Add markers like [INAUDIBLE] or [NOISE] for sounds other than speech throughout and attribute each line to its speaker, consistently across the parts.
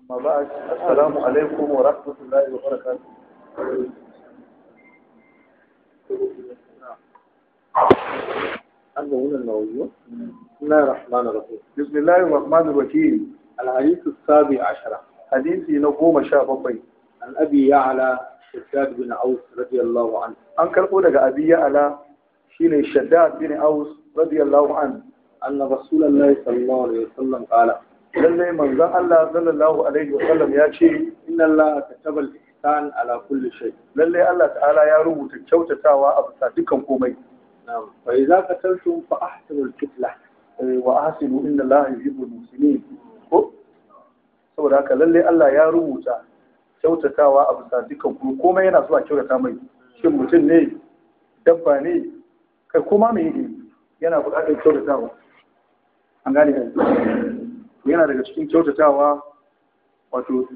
Speaker 1: أما بعد السلام عليكم ورحمة الله وبركاته أما هنا الموضوع بسم الله الرحمن الرحيم بسم الله الرحمن الرحيم الحديث السابع عشر حديث نقوم شاب عن أبي يعلى Shaddad bin Aus radiyallahu an. An karɓo daga Abi Ya'ala shine Shaddad bin Aus radiyallahu an. Anna Rasulullahi sallallahu alaihi wasallam qala. manzon Allah sallallahu alaihi wasallam ya ce inna Allah kataba al-ihsan ala kulli shay. Lallai Allah ta'ala ya rubuta kyautatawa a bisa dukkan komai. Na'am. Fa idza qataltum fa ahsinu qitla eh, wa ahsinu inna Allah yuhibbul muhsinin. Ko saboda haka lallai Allah ya rubuta kyautatawa a bisa dukkan kuma komai yana zuwa kyautata mai shi mutum ne dabba ne kai koma mai ne yana buƙatar kyautatawa an gane yanzu. yana daga cikin kyautatawa wato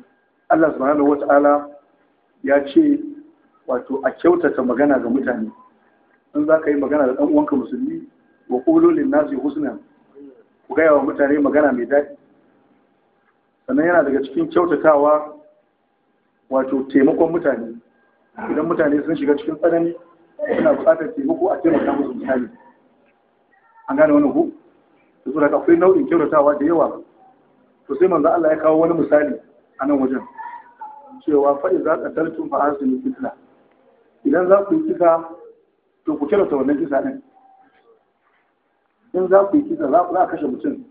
Speaker 1: Allah subhanahu wata'ala ya ce wato a kyautata magana ga mutane in za ka yi magana da ɗan uwanka musulmi wa qulu lin nasi husna ku gaya wa mutane magana mai daɗi sannan yana daga cikin kyautatawa wato taimakon mutane idan mutane sun shiga cikin tsanani suna buƙatar taimako a taimaka musu misali an gane wani ku da su daga akwai nau'in kyautatawa da yawa to sai manzo Allah ya kawo wani misali a nan wajen cewa fa idza qataltum fa asinu fitna idan za ku yi kisa to ku kyautata wannan kisa din in za ku yi kisa za ku kashe mutum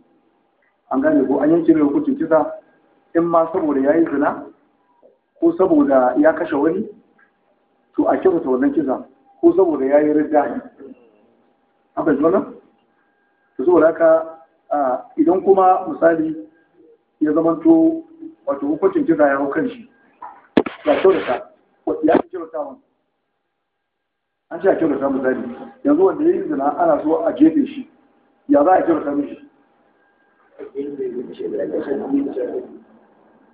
Speaker 1: an gane ko an yanke mai hukuncin kisa in ma saboda yayi zina ko saboda ya kashe wani to a kyautata wannan kisa ko saboda ya yi ridda a fahimci wannan to saboda haka idan kuma misali ya zamanto wato hukuncin kisa ya hau kan shi ya kyautata ya fi kyautata wani an ce a kyautata misali yanzu wanda ya yi zina ana so a jefe shi ya za a kyautata mishi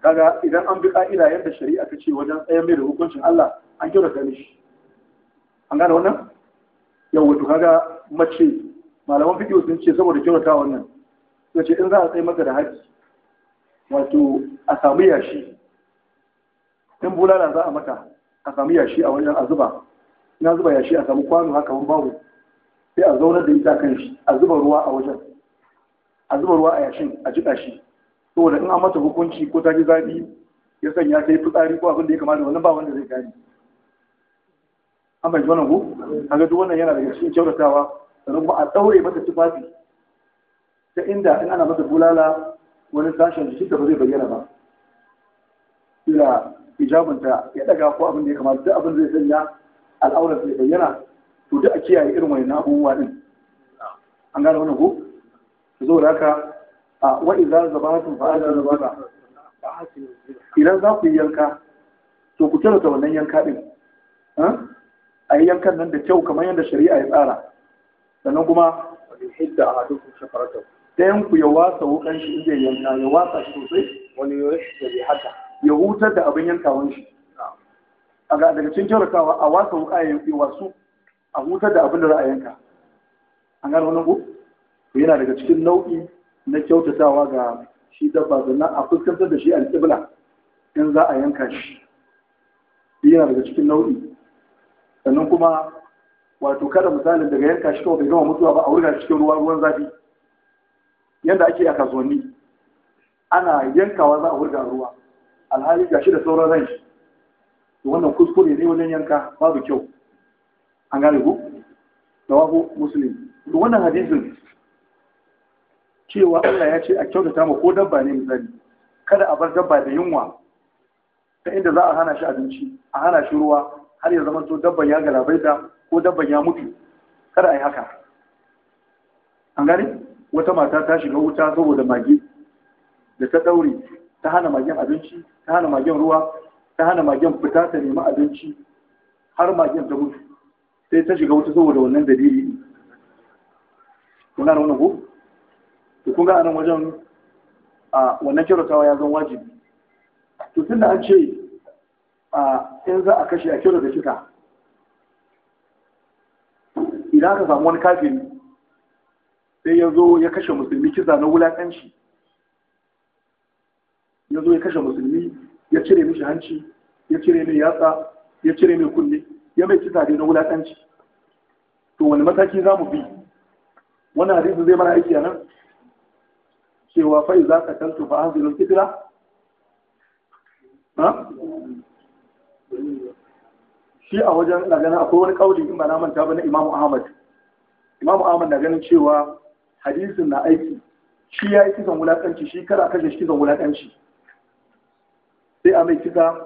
Speaker 1: kaga idan an bi ka'ida yadda shari'a ta ce wajen tsayan mai da hukuncin Allah an kira ta shi an gane wannan yawa to kaga mace malaman fiqh sun ce saboda kyautata wannan sai in za a tsaye maka da haji wato a samu yashi in bulala za a mata a samu yashi a wajen a zuba ina zuba yashi a samu kwano haka mun babu sai a zaunar da ita kan shi a zuba ruwa a wajen a zuba ruwa a yashin a jiƙa shi saboda in an mata hukunci ko ta ji zafi ya sanya ta yi fitsari ko abin da ya kamata wannan ba wanda zai gani an bai wannan ko kaga duk wannan yana daga cikin kyautatawa sannan ba a daure mata tufafi ta inda in ana mata bulala wani sashen shi da ba zai bayyana ba ila hijabinta ya daga ko abin da ya kamata duk abin zai sanya al'aurar zai bayyana to duk a kiyaye irin wani abubuwa din an gane wannan ku zo da haka وإذا ذبحتم فآتوا الذبح idan za ku yi yanka to ku ta wannan yanka din a yi yankan nan da kyau kamar yadda shari'a ya tsara sannan kuma hidda a duk shafarata Ta yanku ya wasa wukan shi inda yanka ya wasa shi sosai wani ya da bi haka ya hutar da abin yankawan shi a ga daga cikin kyautatawa a wasa wuka ya yi wasu a hutar da abin da za a yanka an gano wani ku yana daga cikin nau'i na kyautatawa ga shi dabba sannan a fuskantar da shi tsibila in za a yanka shi yana daga cikin nau'i sannan kuma wato kada misalin daga yanka shi kawai bai gama mutuwa ba a wurga cikin ruwa ruwan zafi yadda ake a kasuwanni ana yankawa za a wurga ruwa alhali ga shi da sauran ran shi wannan kuskure ne wajen yanka babu kyau an gane ku Musulmi. muslim wannan hadisin cewa Allah ya ce a kyautata ma ko dabba ne misali kada a bar dabba da yunwa ta inda za a hana shi abinci a hana shi ruwa har ya zama to dabban ya da ko dabban ya mutu kada a yi haka an gani, wata mata ta shiga wuta saboda mage da ta daure ta hana magen abinci ta hana magen ruwa ta hana magen fita ta nemi abinci har magen ta mutu sai ta shiga wuta saboda wannan dalili kuna da wannan ko to kun ga anan wajen a wannan kyautatawa ya zan wajibi to da an ce a in za a kashe a kyautata kika idan aka samu wani kafin? sai ya zo ya kashe musulmi kisa na wulaƙanci ya zo ya kashe musulmi ya cire mishi hanci ya cire mai yatsa ya cire mai kunne ya mai kisa dai na wulaƙanci to wani mataki za mu bi wannan hadisi zai mana aiki a nan cewa fa za ka tantu fa hazinu kitla ha shi a wajen na ganin akwai wani kauli in ba na manta ba na Imam Ahmad Imam Ahmad na ganin cewa hadisin na aiki shi ya yi kisan wulaƙanci shi kada kashe shi kisan wulaƙanci sai a mai kisa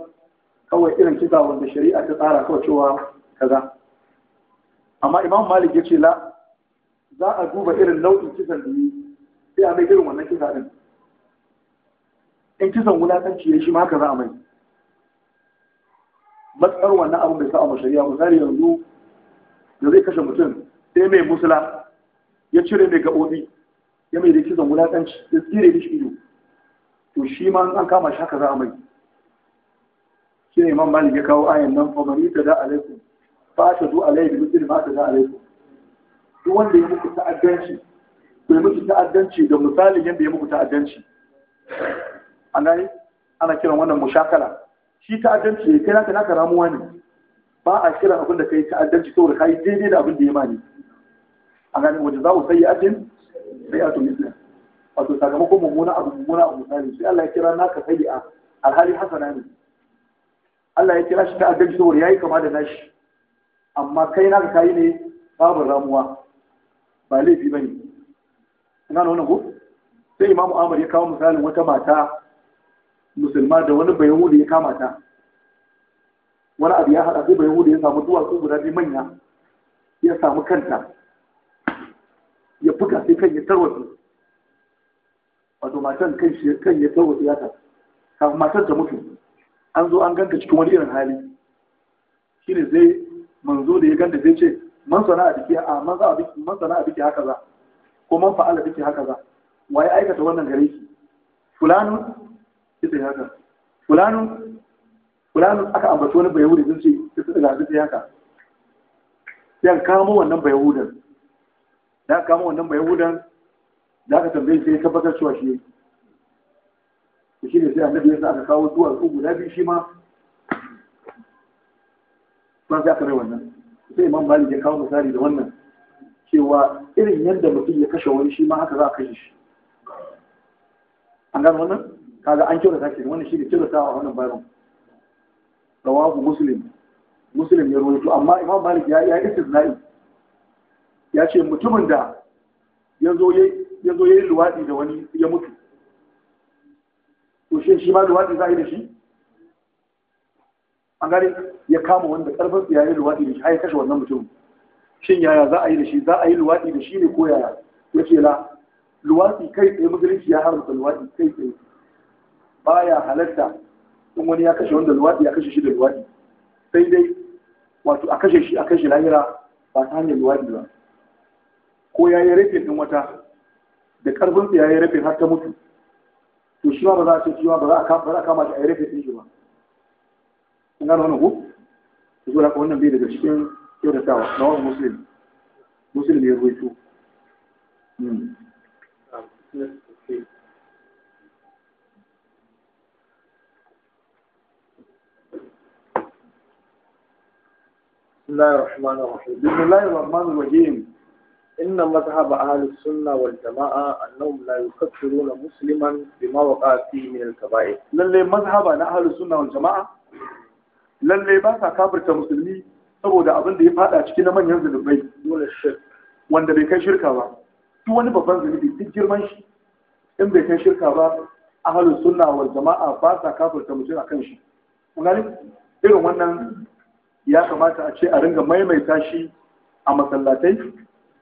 Speaker 1: kawai irin kisa wanda shari'a ta tsara kawai cewa kaza amma imam malik ya ce la za a duba irin nau'in kisan da yi sai a mai irin wannan kisa din in kisan wulatanci ya shi ma ka za a mai matsar wannan abin bai sa a mashari'a misali yanzu da zai kashe mutum sai mai musula ya cire mai gaɓoɓi ya mai da kisan wulatanci ya tsire shi ido to shi ma an kama shi haka za a mai shi ne man malik ya kawo ayan nan fa mani ta da alaikum fa ta zo alaikum mutum ma ta da alaikum duk wanda ya muku ta'addanci ku yi muku ta'addanci da misalin yadda ya muku ta'addanci nan, ana kiran wannan mushakala shi ta'addanci ne kai naka naka ramuwa ne ba a kiran abin da kai ta'addanci saboda kai daidai da abin da ya ma ne a gane waje za ku sayi ajin sai a tumisla wato sakamakon mummuna abu mummuna abu misali sai Allah ya kira naka sayi a alhali hasana ne Allah ya kira shi ta'addanci saboda yayi kama da nashi amma kai naka kai ne babu ramuwa ba laifi bane ina na wannan ko sai imamu amur ya kawo misalin wata mata musulma da wani bayan hudu ya kama ta wani abu ya haɗa sai bayan hudu ya samu duwatsu guda biyu manya ya samu kanta ya buga sai kan ya tarwatsu wato matan kan shi kan ya tarwatsu ya ta kafin matan ta mutu an zo an ganta cikin wani irin hali shine zai manzo da ya ganta zai ce man sana'a biki a man sana'a biki haka za ko man Allah take haka za waye aikata wannan gare ki fulanu ita haka fulanu fulanu aka ambaci wani bayahudi sun ce ita da ita haka sai kamo wannan bayahudan da aka kamo wannan bayahudan da aka tambaye shi ka bakar cewa shi yake shi ne sai annabi ya sa aka kawo duwatsu guda biyu shi ma ba sai aka rai wannan sai imam malik ya kawo misali da wannan cewa irin yadda mutum ya kashe wani shi ma haka za a kashe shi an gano wannan kaga an kyautata ke wannan shi ne kyautata a wannan bayan rawahu muslim muslim ya rawaito amma imam malik ya ya istisna'i ya ce mutumin da ya zo ya yi luwaɗi da wani ya mutu to shi shi ma luwaɗi za a yi da shi an gani? ya kama wanda ƙarfin ya yi luwaɗi da shi har ya kashe wannan mutum shin yaya za a yi da shi za a yi luwaɗi da shi ne ko yaya ya ce la luwaɗi kai tsaye musulunci ya haramta luwaɗi kai tsaye baya halatta in wani ya kashe wanda luwaɗi ya kashe shi da luwaɗi sai dai wato a kashe shi a kashe lahira ba ta hanyar luwaɗi ba ko ya yi rafin ɗin wata da ƙarfin ya yi rafin har ta mutu to shi ma ba za a ce shi ma ba za a kama shi a yi rafin ɗin shi ba kun gano wani ko? Zuwa ka wannan bai daga cikin kyautatawa na wani muslim muslim ya ruwaito بسم الله الرحمن الرحيم بسم الله الرحمن الرحيم إن مذهب أهل السنة والجماعة أنهم لا يكفرون مسلما بما وقع فيه من الكبائر للي مذهب أهل السنة والجماعة للي بس كابرة مسلمين saboda abin da ya fada ciki na manyan zunubai wanda bai kai shirka ba duk wani babban zunubi duk girman shi in bai kai shirka ba ahalus sunna wal jama'a ba sa kafirta mutum akan shi kun irin wannan ya kamata a ce a ringa maimaita shi a masallatai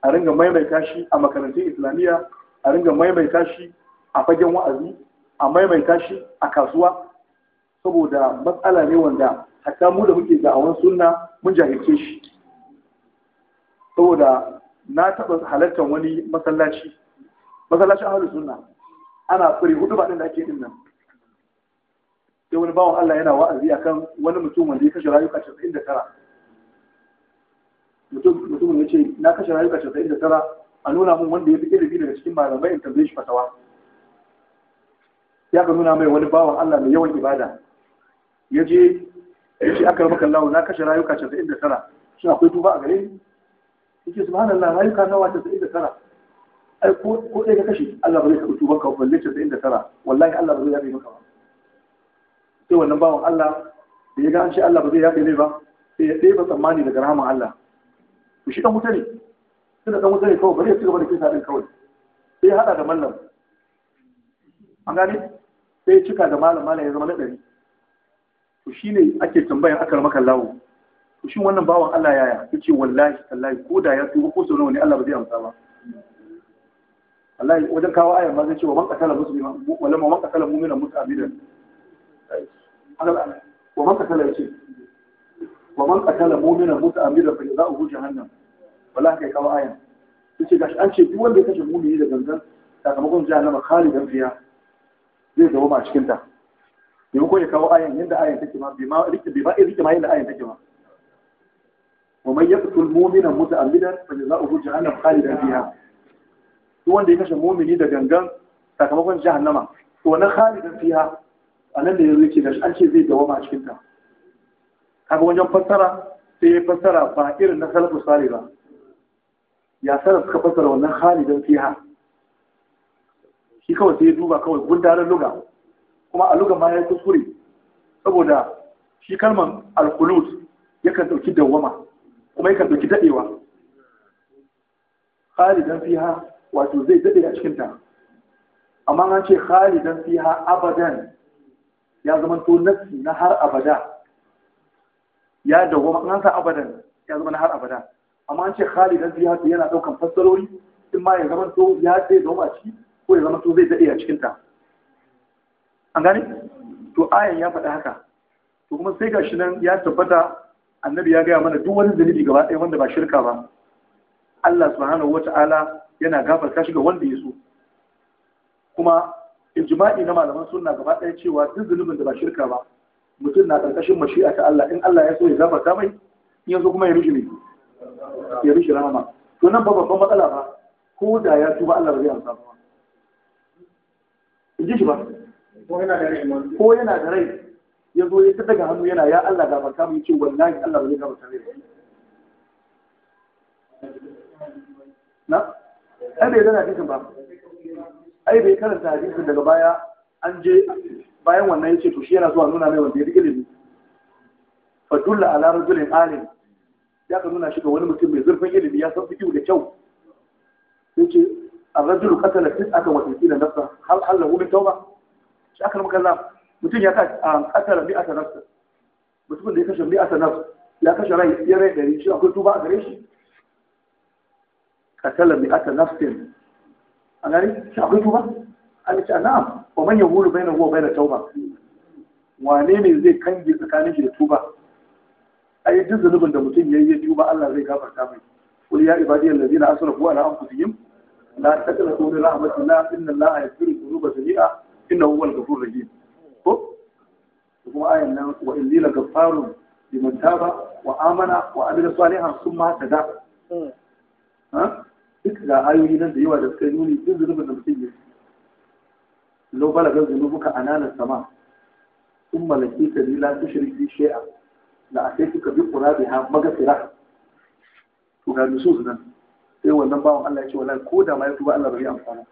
Speaker 1: a ringa maimaita shi a makarantun islamiyya a ringa maimaita shi a fagen wa'azi a maimaita shi a kasuwa saboda matsala ne wanda hatta mu da muke da'awan sunna mun jahilce shi saboda na taɓa halartar wani masallaci masallacin ahlus sunna ana fure hudu ba din da ake din nan sai wani bawan Allah yana wa'azi akan wani mutum wanda ya kashe rayuka 99 mutum mutum ya ce na kashe rayuka 99 a nuna mun wanda ya fi ilimi daga cikin malamai in tambaye shi fatawa ya ka nuna mai wani bawan Allah mai yawan ibada ya je ya ce aka maka lawo na kashe rayuka 99 shi akwai duba a gare ni yake na rayuka nawa 99 ai ko ko dai ka kashe Allah ba zai karɓi tuban ka balle 99 wallahi Allah ba zai yafe maka ba sai wannan bawan Allah da ya ga an ce Allah ba zai yafe mai ba sai ya ɗeba tsammani daga rahaman Allah ku shi dan wuta ne tunda dan wuta ne kawai bari ya ci gaba da kisa din kawai sai ya hada da mallam an gane sai ya cika da malam malam ya zama na ɗari shi ne ake tambayan akar maka lawo ku shin wannan bawan Allah yaya ce wallahi tallahi ko da ya tuba ko sau nawa ne Allah ba zai amsa ba wallahi wajen kawo ayar ma zai ce wa man kasala muslima wala man qatala mu'mina muta'ammidan wa man qatala yace wa man kasala mu'mina muta'ammidan fa jazaohu jahannam wallahi kai kawo ayar yace gashi an ce duk wanda ya kashe mu'mini da gangan sakamakon jahannama khalidan fiha zai zama a cikin ta yau ko ya kawo ayan yadda ayan take ma bai ma rike bai ma rike ma yadda ayan take ma wa man yaqtul mu'mina muta'ammidan fa jazaohu jahannam khalidan fiha duk wanda ya kashe mu'mini da gangan sakamakon jahannama to wannan khalidan fiha anan da ya yake da an ce zai dawama a cikin ta kaga wajen fassara sai ya fassara ba irin na salafu salih ba ya sarar suka fassara wannan khalidan fiha shi kawai sai ya duba kawai gundarin lugawa kuma a lugan ma ya kuskure saboda shi kalman alkulut ya kan ɗauki dawama kuma ya kan ɗauki daɗewa khalidan fiha wato zai daɗe a cikinta amma an ce khalidan fiha abadan ya zama to na har abada ya dawama an sa abadan ya zama na har abada amma an ce khalidan fiha to yana ɗaukan fassarori in ma ya zama to ya zai dawwama a ciki ko ya zama to zai daɗe a cikinta an gane to ayan ya faɗi haka to kuma sai gashi nan ya tabbata annabi ya gaya mana duk wani zunubi gaba ɗaya wanda ba shirka ba Allah subhanahu wata'ala yana gafar kashi ga wanda ya so kuma ijma'i na malaman sunna gaba ɗaya cewa duk zunubin da ba shirka ba mutum na ƙarƙashin mashi'a ta Allah in Allah ya so ya gafarta mai in yanzu kuma ya rushe ne ya rushe rahama to nan ba babban matsala ba ko da ya tuba Allah ba zai amsa ba in ba ko yana da rai da rai ya zo ya daga hannu yana ya Allah gafarta mu yace wallahi Allah ba zai gafarta na ai bai zana hadisin ba ai bai karanta hadisin daga baya an je bayan wannan yace to shi yana zuwa nuna mai wanda ya rike ilimi fa dulla ala rajulin alim ya ka nuna shi ga wani mutum mai zurfin ilimi ya san fikihu da kyau yace الرجل قتل تسعة وتسعين نفسا هل حل له من توبة؟ shi aka rubuta kaza mutum ya kasara bi a sanarsa mutumin da ya kashe bi a sanarsa ya kashe rai ya rai ɗari shi akwai tuba a gare shi kasala bi a sanarsa a gare shi akwai tuba an ce na'am wa man yahulu bayna huwa na tauba wane ne zai kange tsakanin shi da tuba ai duk zunubin da mutum ya yi ya tuba Allah zai gafarta mai qul ya ibadiyal na asrafu ala anfusihim la taqnatu min rahmatillah inna allaha yaghfiru dhunuba jami'a inna huwal ghafurur rahim ko kuma ayan nan wa inni la ghaffarun liman taba wa amana wa amila salihan summa tada ha duk ga ayoyi nan da yawa da suka nuni duk zunubin da mutum ya lau balaga zunubuka ananan sama sun malaki ka ni la tushrik da shay'a la ataytuka bi qurabiha maghfira to ga nusus nan sai wannan bawan Allah ya ce wallahi ko da ma ya tuba Allah bai amfana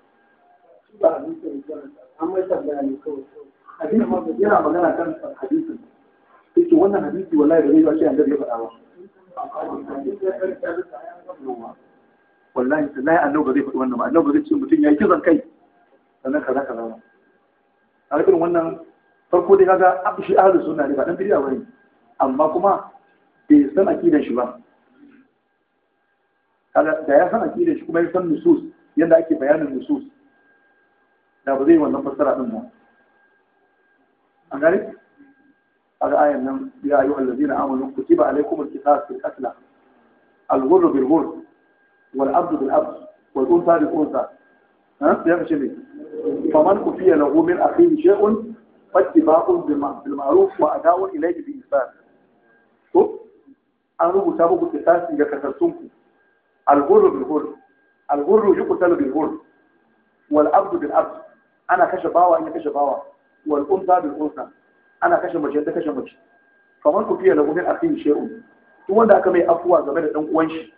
Speaker 1: hadisi wannan hadisi wallahi ba zai ba shi ya faɗa ba wallahi ba zai faɗi wannan ba annabi zai ce mutum ya kizan kai sannan kaza kaza ba a irin wannan farko dai kaga shi ahlus sunna ne ba dan bid'a bane amma kuma bai san akidan shi ba da ya san akidan shi kuma ya san nusus yadda ake bayanin nusus da ba zai wannan fassara din ba an gane kaga ayan nan ya ayu allazina amanu kutiba alaykum alqisas fil qatl al-ghurr bil ghurr wal abd bil abd wal unsa bil unsa ها يا شباب فمن كفي له من اخيه شيء فاتباع بالمعروف واداء اليه بإحسان an rubuta muku kisasi ga kasassunku alhurru bil hurr alhurru yuqtalu bil hurr wal abdu bil abd ana kashe bawa in ya kashe bawa wal unsa bil unsa ana kashe mace ta kashe mace Kamar ku fiye lahu min akhihi shay'un duk wanda aka mai afuwa game da dan uwan shi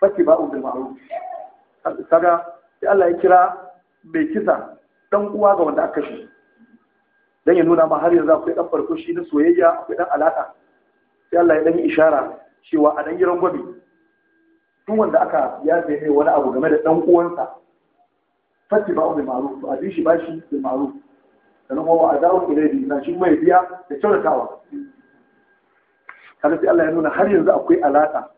Speaker 1: fati ba'u bil ma'ruf kaga sai Allah ya kira mai kisa dan uwa ga wanda aka kashe dan ya nuna ma har yanzu akwai dan farko shi na soyayya akwai dan alaka sai Allah ya dan ishara cewa a dan giran gobe duk wanda aka yaje mai wani abu game da dan uwansa fatti ba mai maru a bi shi bashi da maru sannan kuma wa adawu ilayhi na shi mai biya da kyautatawa kada sai Allah ya nuna har yanzu akwai alaka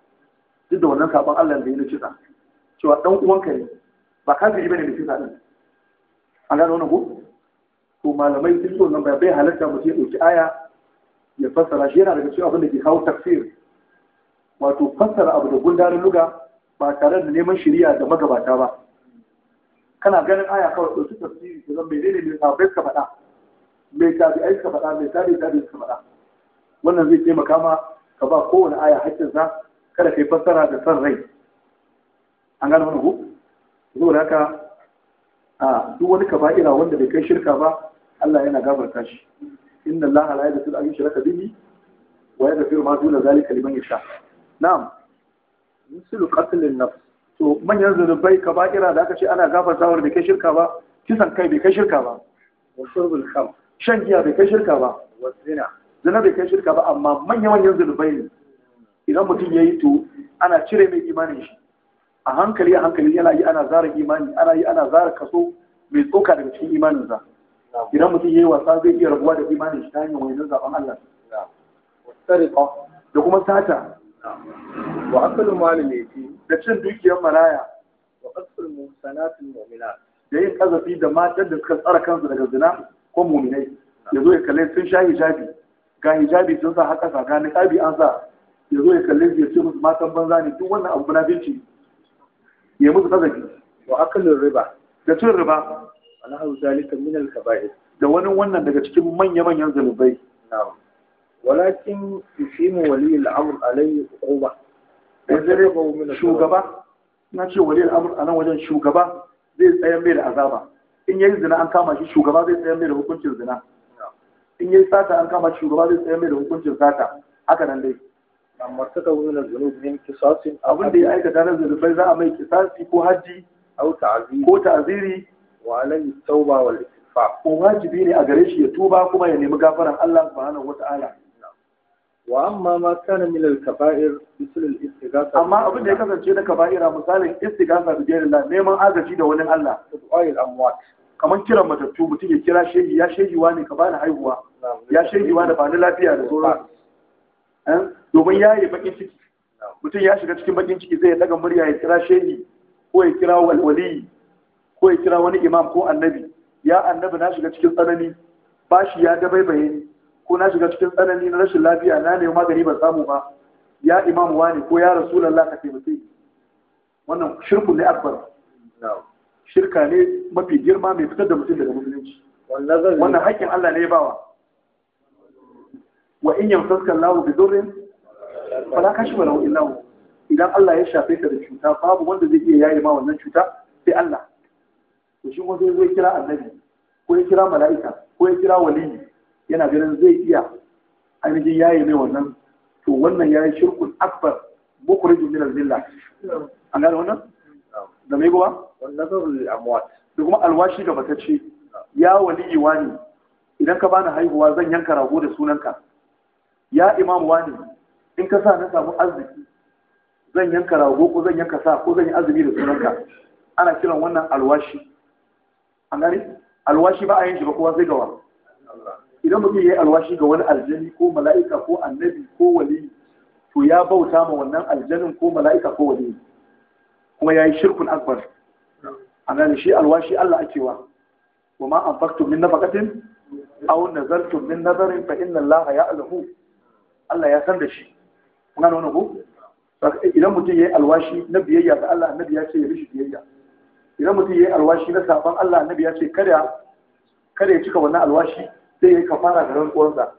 Speaker 1: duk da wannan sabon Allah da ya kisa cewa dan uwanka ne ba ka ji bane da kisa din an gano wannan ko to malamai sun so nan bai halarta mutum ya dauki aya ya fassara shi yana daga cikin abin da ke kawo tafsir wato fassara abu da gundarin luga ba tare da neman shari'a da magabata ba kana ganin aya kawai ɗauki tafsiri ta zama menene mai sabai ka faɗa mai ai ka faɗa mai tabi tabi ka faɗa wannan zai taimaka ma ka ba kowane aya sa, kada ka yi fassara da san rai an gano wani hukun zuwa haka a duk wani kaba'ira wanda bai kai shirka ba Allah yana gabarta shi inna Allah la yaghfiru an yushraka bihi wa yaghfiru ma duna zalika liman yasha na'am mislu qatl nafs to manyan zunubai ka kaba'ira da aka ce ana gafartawar bai kai shirka ba kisan kai bai kai shirka ba shan giya bai kai shirka ba zina bai kai shirka ba amma manyan manyan zunubai ne idan mutum ya yi to ana cire mai imanin shi a hankali a hankali yana yi ana zara imani ana yi ana zara kaso mai tsoka daga cikin imanin sa. idan mutum ya yi wasa zai iya rabuwa da imanin shi ta hanyar wani zaben Allah da kuma sata wa asalin malin ne da cin dukiyar maraya wa qasrul muhsanatil mu'minat da yin kazafi da matan da suka tsara kansu daga zina ko mu'minai zo ya kalle sun sha hijabi ga hijabi sun sa haka sa ga niqabi an sa Ya zo ya kalle ya ce musu matan banza ne duk wannan abu na binci ya musu kazafi wa akalin riba da cin riba ana hau zalika min al kaba'ir da wani wannan daga cikin manya-manyan zalubai na'am walakin yusimu waliyul amr alayhi uquba shugaba na ce wali al'amur a nan wajen shugaba zai tsayan mai da azaba in yi zina an kama shi shugaba zai tsayan mai da hukuncin zina in yi sata an kama shi shugaba zai tsayan mai da hukuncin sata haka nan dai amma ta kawo na zunub kisasin abin da ya aikata na zunubai za a mai kisasi ko haji ko ta'aziri wa alayhi tauba wal istighfar ko wajibi ne a gare shi ya tuba kuma ya nemi gafaran Allah subhanahu wata'ala wa amma ma kana min al-kaba'ir bisul al-istighatha amma abin da ya kasance na kaba'ira misalin istighatha bi ghairillah neman agaji da wani Allah du'a'il amwat kamar kiran matattu mutum ya kira shehi ya shehi ne ka bani haihuwa ya shehi da bani lafiya da sauran eh? domin ya yi bakin ciki mutum ya shiga cikin bakin ciki zai daga murya ya kira shehi ko ya kira walwali ko ya kira wani imam ko annabi ya annabi na shiga cikin tsanani bashi ya dabaibaye ni ko na shiga cikin tsanani na rashin lafiya na nemi magani ban samu ba ya imamu wani ko ya rasulullah ka taimake ni wannan shirku ne akbar shirka ne mafi girma mai fitar da mutum daga musulunci wannan haƙƙin Allah ne ya bawa wa in yamsaka Allah bi dhurrin fala kashifa lahu illa hu idan Allah ya shafe ka da cuta babu wanda zai iya yaye ma wannan cuta sai Allah to shi wanda zai kira annabi ko ya kira mala'ika ko ya kira waliyi yana ganin zai iya ainihin yayi mai wannan to wannan yayi shirkun akbar bukuri min al-zilla an gane wannan da mai gowa nazarul amwat da kuma alwashi da batacce ya waliyi wani idan ka bani haihuwa zan yanka rago da sunanka ya imam wani in ka sa na samu arziki zan yanka rago ko zan yanka sa ko zan yi azumi da sunanka ana kiran wannan alwashi an gane alwashi ba a yin shi ba kowa zai gawa idan mutum ya yi alwashi ga wani aljani ko mala'ika ko annabi ko wali to ya bauta ma wannan aljanin ko mala'ika ko wali kuma ya yi shirkun akbar a nan shi alwashi Allah ake wa wa ma an faktu min nafaqatin aw nazartu min nazarin fa inna Allah al'hu. Allah ya san da shi kun gane wannan ko idan mutum ya yi alwashi na biyayya ga Allah annabi ya ce ya rishi biyayya idan mutum ya yi alwashi na saban Allah annabi ya ce kada kada ya cika wannan alwashi sai ya kafara da rantsuwarsa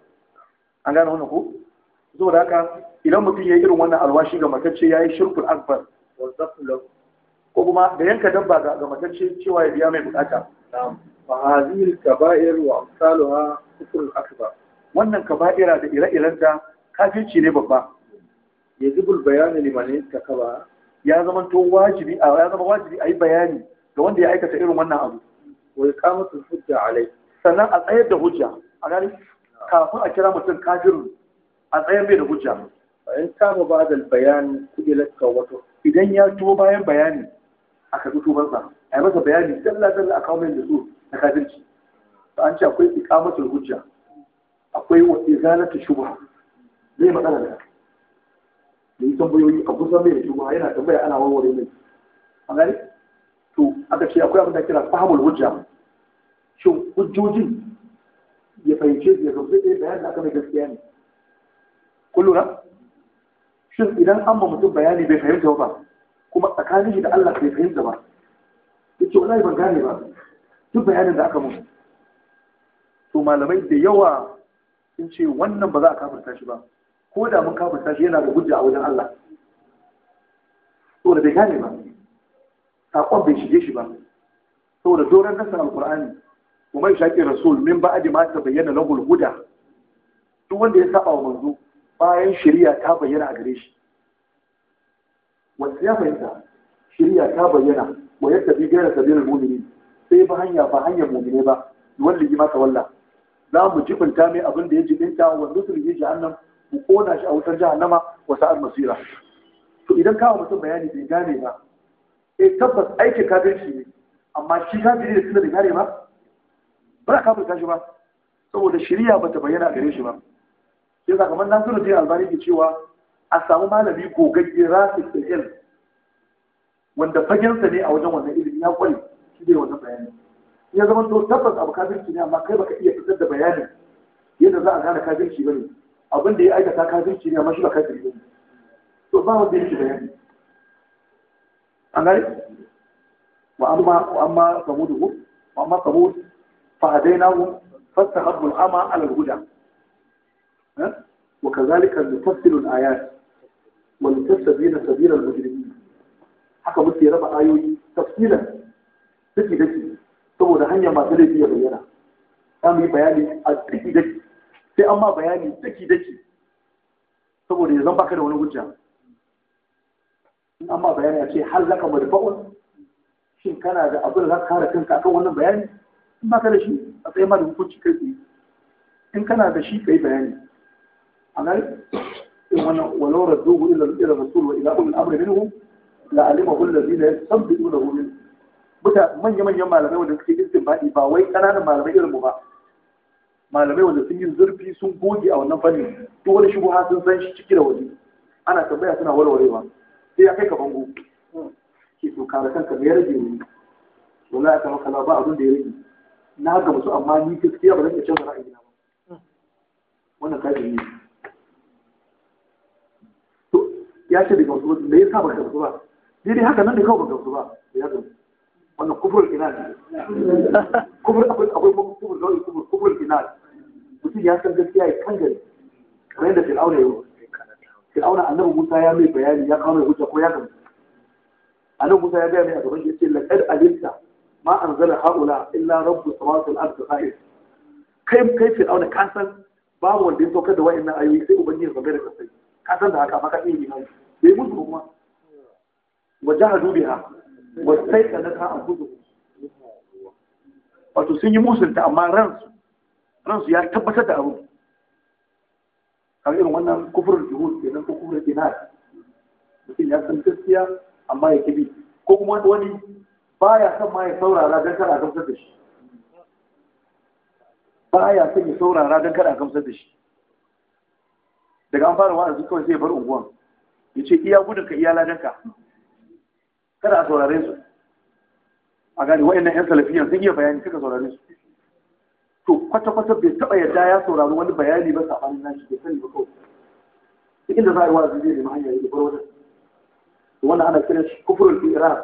Speaker 1: an gane wannan zo da haka idan mutum ya yi irin wannan alwashi ga matacce ya yi shirkul akbar ko kuma da yanka dabba ga matacce cewa ya biya mai bukata fa hadhihi al-kaba'ir wa amsaluha kufrul akbar wannan kaba'ira da ire-iren ta kafirci ne babba yajibul bayan liman yattakaba ya zama to wajibi a ya zama wajibi ayi bayani ga wanda ya aikata irin wannan abu wa iqamatul hujja alai sannan a tsayar da hujja a gani kafin a kira mutum kafin a tsayar mai da hujja bayan kama ba da bayani kuɗi lakka wato idan ya tuwo bayan bayani a karɓi tubansa a yi masa bayani dalla dalla a kawo mai da su na kafirci to an ce akwai iqamatul hujja akwai wasu izalatu shubha zai matsala da da yi tambayoyi a kusan mai da shubha yana tambaya ana warware mai a gani to aka ce akwai abin da kira fahimul hujja shin hujjojin ya fahimce ya gamsu ɗaya bayanin aka mai gaskiya ne kun lura shin idan an ba mutum bayani bai fahimta ba kuma tsakanin shi da Allah bai fahimta ba ya ce wani ban gane ba duk bayanin da aka mutu to malamai da yawa sun ce wannan ba za a kafarta shi ba ko da mun kafarta shi yana da hujja a wajen Allah saboda bai gane ba saƙon bai shige shi ba saboda doron nasa alƙur'ani Kuma rasul min ba a بعد ta bayyana na gulguda. duk wanda ya saba wa manzo bayan shari'a ta bayyana a gare shi wanda ya fahimta shari'a ta bayyana wa yadda bi gaira biyar mu'mini sai ba hanya ba hanya mumini ba wallahi ma walla. za mu jibinta mai abin da ya jibinta wa nusulhi jahannam mu kona shi a wutar jahannama wa sa'ar masira to idan kawo mutum bayani bai gane ba eh tabbas aikin kafirci ne amma shi kafiri da suna da gane ba ba za kafirta shi ba saboda shirya ba ta bayyana gare shi ba sai sakamakon kamar suna sunu albani ke cewa a samu malami gogagge rafi da ilm wanda fagensa ne a wajen wannan ilimi ya kware shi zai wannan bayani ya zama to tabbas abu kafirci ne amma kai baka iya fitar da bayanin yadda za a gane kafirci ne, abin da ya aikata kafirci ne amma shi ba kafirci ne. to ba wanda ya yake bayani an gane wa amma wa amma samudu wa amma samudu فهديناهم فاستحبوا الأمى على الهدى أه؟ وكذلك نفصل الآيات ولتستبين سبيل المجرمين haka muke raba ayoyi tafsilan daki daki saboda hanyar masu laifi ya bayyana za mu yi bayani a daki daki sai an ma bayani daki daki saboda ya zan baka da wani hujja in an bayani a ce har zaka madfa'un shin kana da abin da za ka wannan bayani in ba ka da shi a tsaye mara hukunci kai tsaye in kana da shi ka yi bayani a nan in wani walau radduhu ila ila rasul wa ila ulil amri minhum la alimahu allazina yastabbidunahu min buta manya manyan malamai wanda suke istinbadi ba wai kananan malamai irin mu ba malamai wanda sun yi zurfi sun goge a wannan fanni to wani ha sun san shi ciki da waje ana tambaya suna warwarewa sai ya kai ka bango ke to kare kanka me rage ne wallahi aka maka ba abin da ya rage na haka musu amma ni gaskiya ba zan iya canza ra'ayi na ba wannan kafin ne to ya ce daga gamsu ba me yasa ba gamsu ba daidai haka nan da kawai ba gamsu ba ya gamsu wannan kufur ina ne [LAUGHS] kufur akwai akwai kufur wani kufur kufur ina ne mutum ya san gaskiya ya kan gari kamar yadda fil'auna ya yi fir'auna annabi musa ya mai bayani ya kawo mai hujja ko ya gamsu annabi musa ya gaya mai a gaban shi ya ce laqad alimta ma anzala haula illa rabbu samawati wal ardi qahir kai kai fir'auna ka san babu wanda ya saukar da wa'annan ayoyi sai ubangiji ya saukar da kasai ka san da haka amma ka iya imani bai musu kuma wajahadu biha wastaiqanatha anfusuhum wato sun yi musulta amma ransu ya tabbatar da abu kan irin wannan kufurin juhud kenan ko kufurin dinar mutum ya san gaskiya amma ya kibi ko kuma wani baya son ma ya saurara don kada a gamsar da shi baya son ya saurara don kada a gamsar da shi daga an fara wa'azi kawai sai ya bar unguwan ya ce iya gudun ka iya ka kada a saurare su a gani wa'annan yan salafiyan sun iya bayani suka saurare su to kwata-kwata bai taɓa yadda ya saurari wani bayani ba saɓanin nashi bai sani ba kawai duk inda za a yi wa'azi zai nemi hanyar ya da wajen wannan ana kiran shi kufurul iran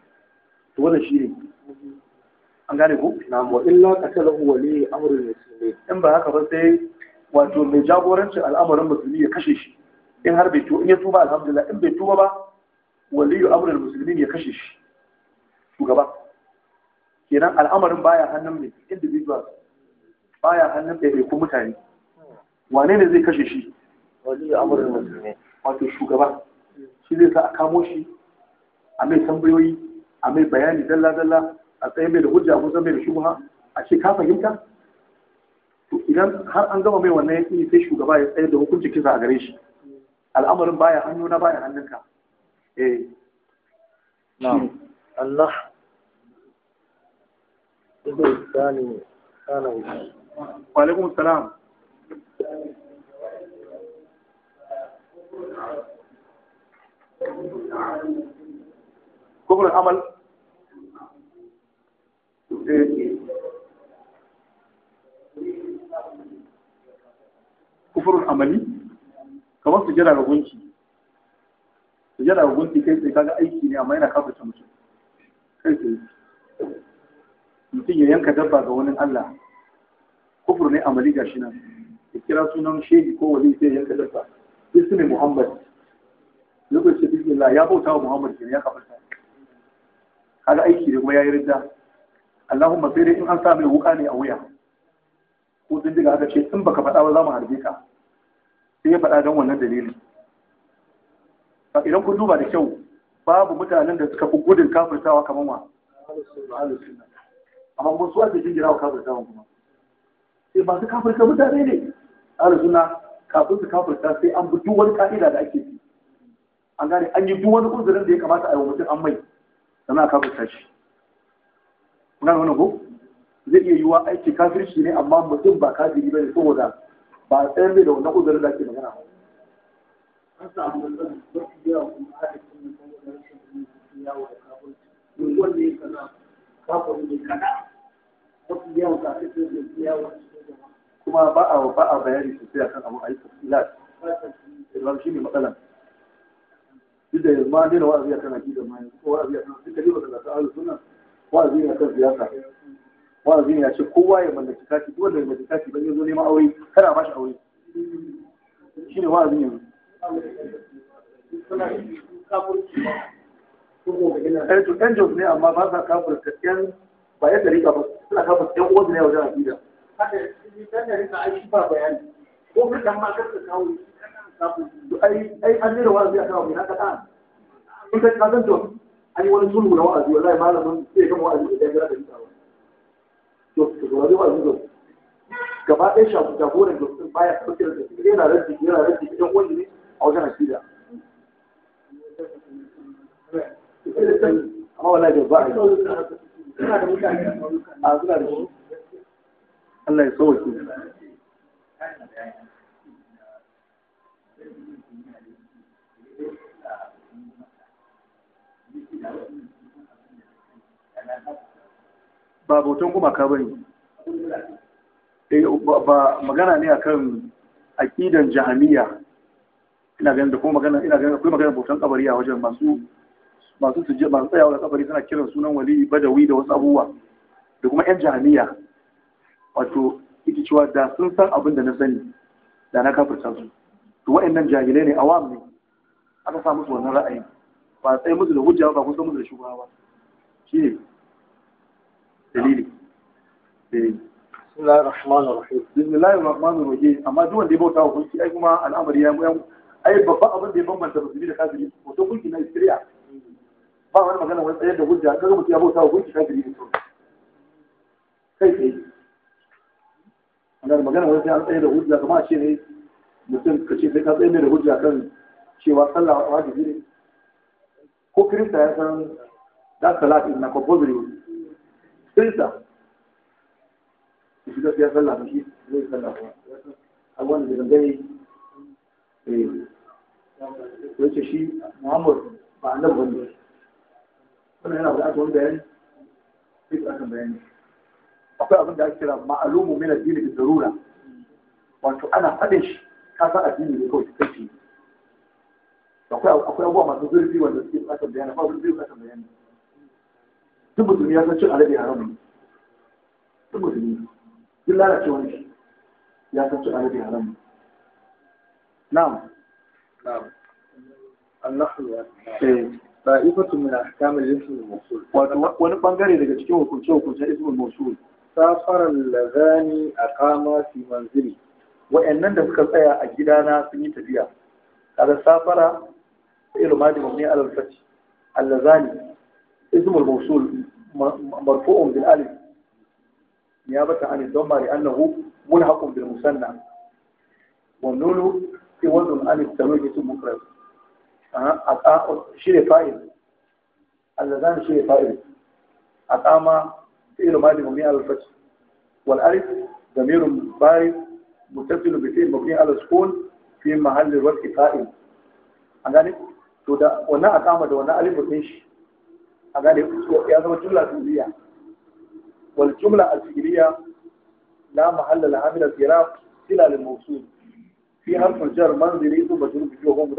Speaker 1: to wannan shi ne an gane ku na mu illa qatalahu wali amrul muslimin in ba haka ba sai wato mai jagorancin al'amarin musulmi ya kashe shi in har bai in ya tuba alhamdulillah in bai tuba ba wali amrul muslimin ya kashe shi shugaba kenan al'amarin baya hannun mai individual baya hannun bai ɗaiɗaikun mutane wane ne zai kashe shi wali amrul muslimin wato shugaba shi zai sa a kamo shi a mai tambayoyi a mai bayani dalla dalla a tsaye mai da hujja ko san mai da shubha a ce ka fahimta to idan har an gama mai wannan yaki sai shugaba ya tsaye da hukunci kisa a gare shi al'amarin baya hannu na baya hannunka eh Allah wa alaikum salam Thank you. kufrun amal kufrun amali kamar su jira ga gunki su jira ga gunki kai sai kaga aiki ne amma yana ta mutum kai sai mutum ya yanka dabba ga wani Allah kufur ne amali gashi nan ya kira sunan shehi ko wali sai yanka dabba ismi Muhammad lokacin bismillah ya bauta Muhammad Muhammad ya kafirta kaga aiki da kuma yayin da Allahumma sai dai in an sa mai wuka ne a wuya ko sun diga aka ce in baka faɗa ba za mu harbe ka sai ya faɗa don wannan dalili idan kun duba da kyau babu mutanen da suka fi gudun kafirtawa kamar wa amma kuma su ke jingira wa kafirtawan kuma sai eh, masu kafirta mutane ne ala suna kafin su kafirta sai an bi duk wani ka'ida da ake bi an gane an yi duk wani uzurin da ya kamata a yi wa mutum an mai sannan a kafirta shi kuna wani ko zai iya yiwuwa aiki kafirci ne amma mutum ba kafiri bane saboda ba tsayar da wannan uzurin da ake magana ba kuma ba a bayani sosai a kan abu a yi tafiya tafsilat shi ne matsalan duk da ma dai wa'azi akan aqida ma ko wa'azi akan duka dai wanda ta ahlus sunna wa'azi ne akan siyasa wa'azi ne ya ce kowa ya mallaki kati duk wanda ya mallaki kati ban zo neman aure kada a shi aure shine wa'azi ne ɗan eh, to ɗan jos ne amma ba sa kafin ɗan ba yadda rika ba suna kafirta ɗan uwansu ne a wajen aqida haka ɗan da rika ai aiki ba bayani ko ka dan ma ka kawo أي أي أمير وأزي أكرم من هذا الآن إذا تقدمتم أي ونسول ولا وأزي والله ما لهم إيه كم وأزي إذا جرى بنتا شوف شوف ولا وأزي gaba ɗaya shafu jagoran dokin baya ɗauke da tafi yana rarrafi yana rarrafi idan wani ne a wajen akida amma wala da ba a suna da shi Allah ya sauwake ba bautan gumaka eh, ba ne ba magana ne akan aƙidan jahamiya ina ganin da kuma magana ina ganin akwai magana bautan kabari a wajen masu masu suje masu tsayawa da kabari suna kiran sunan wali badawi da wasu abubuwa da kuma yan jahamiya wato ita cewa da sun san abin da na sani da na kafirta su to wa'annan jahilai ne awam ne aka sa su wannan ra'ayin ba sai musu da hujja ba kun musu da shugaba. ba ne dalili bismillahir rahmanir rahim bismillahir rahmanir amma duk wanda ya bauta wa gunki ai kuma al'amari ya mu ai babban abin da ya bambanta musulmi da kafiri hoton gunki na iskiriya ba wani magana wani tsayar da hujja kaga mutum ya bauta wa gunki kafiri ne kai tsaye wannan magana wani tsayar tsayar da hujja kamar a ce ne mutum ka ce sai ka tsayar da hujja kan cewa sallah wajibi ne ko kirista ya san that salat is na compulsory kirista shi shiga ya sallah ba shi zai sallah ba a da gangare eh ko yace shi Muhammad ba a nan wani wannan yana da wani bayani sai aka bayani akwai abin da ake kira ma'alumu mai na din da darura wato ana faɗin shi ka san addini ne kawai kai akwai abubuwa masu zurfi wanda suke bukatar bayani ba zurfi bukatar bayani duk mutum ya san cin alade haramun duk musulmi duk lalacewar shi ya san cin alade haramun na'am na'am annahu ta'ifatu eh. min ahkam al-ism al-mawsul wato wani bangare daga cikin hukunce hukuncen ism al-mawsul safara allazani aqama fi manzili wa'annan da suka tsaya a gidana sun yi tafiya kaga safara فعل ماضي مبني على الفتح اللذان اسم الموصول مرفوع بالالف نيابة عن الضمة لأنه ملحق بالمثنى والنون في وزن عن الترويج مكرر أه. شيء فاعل اللذان شيء فاعل أقام فعل ماضي مبني على الفتح والألف ضمير بارد متصل بفعل مبني على السكون في محل الوقت فاعل عندك to da a kama da wani alifu ɗin shi a gane ya zama jumla fi'liya wal jumla a filiya la mahalla laha min al-i'rab ila fi mawsul fi harf al-jar ba jirgin jurub ko wa wani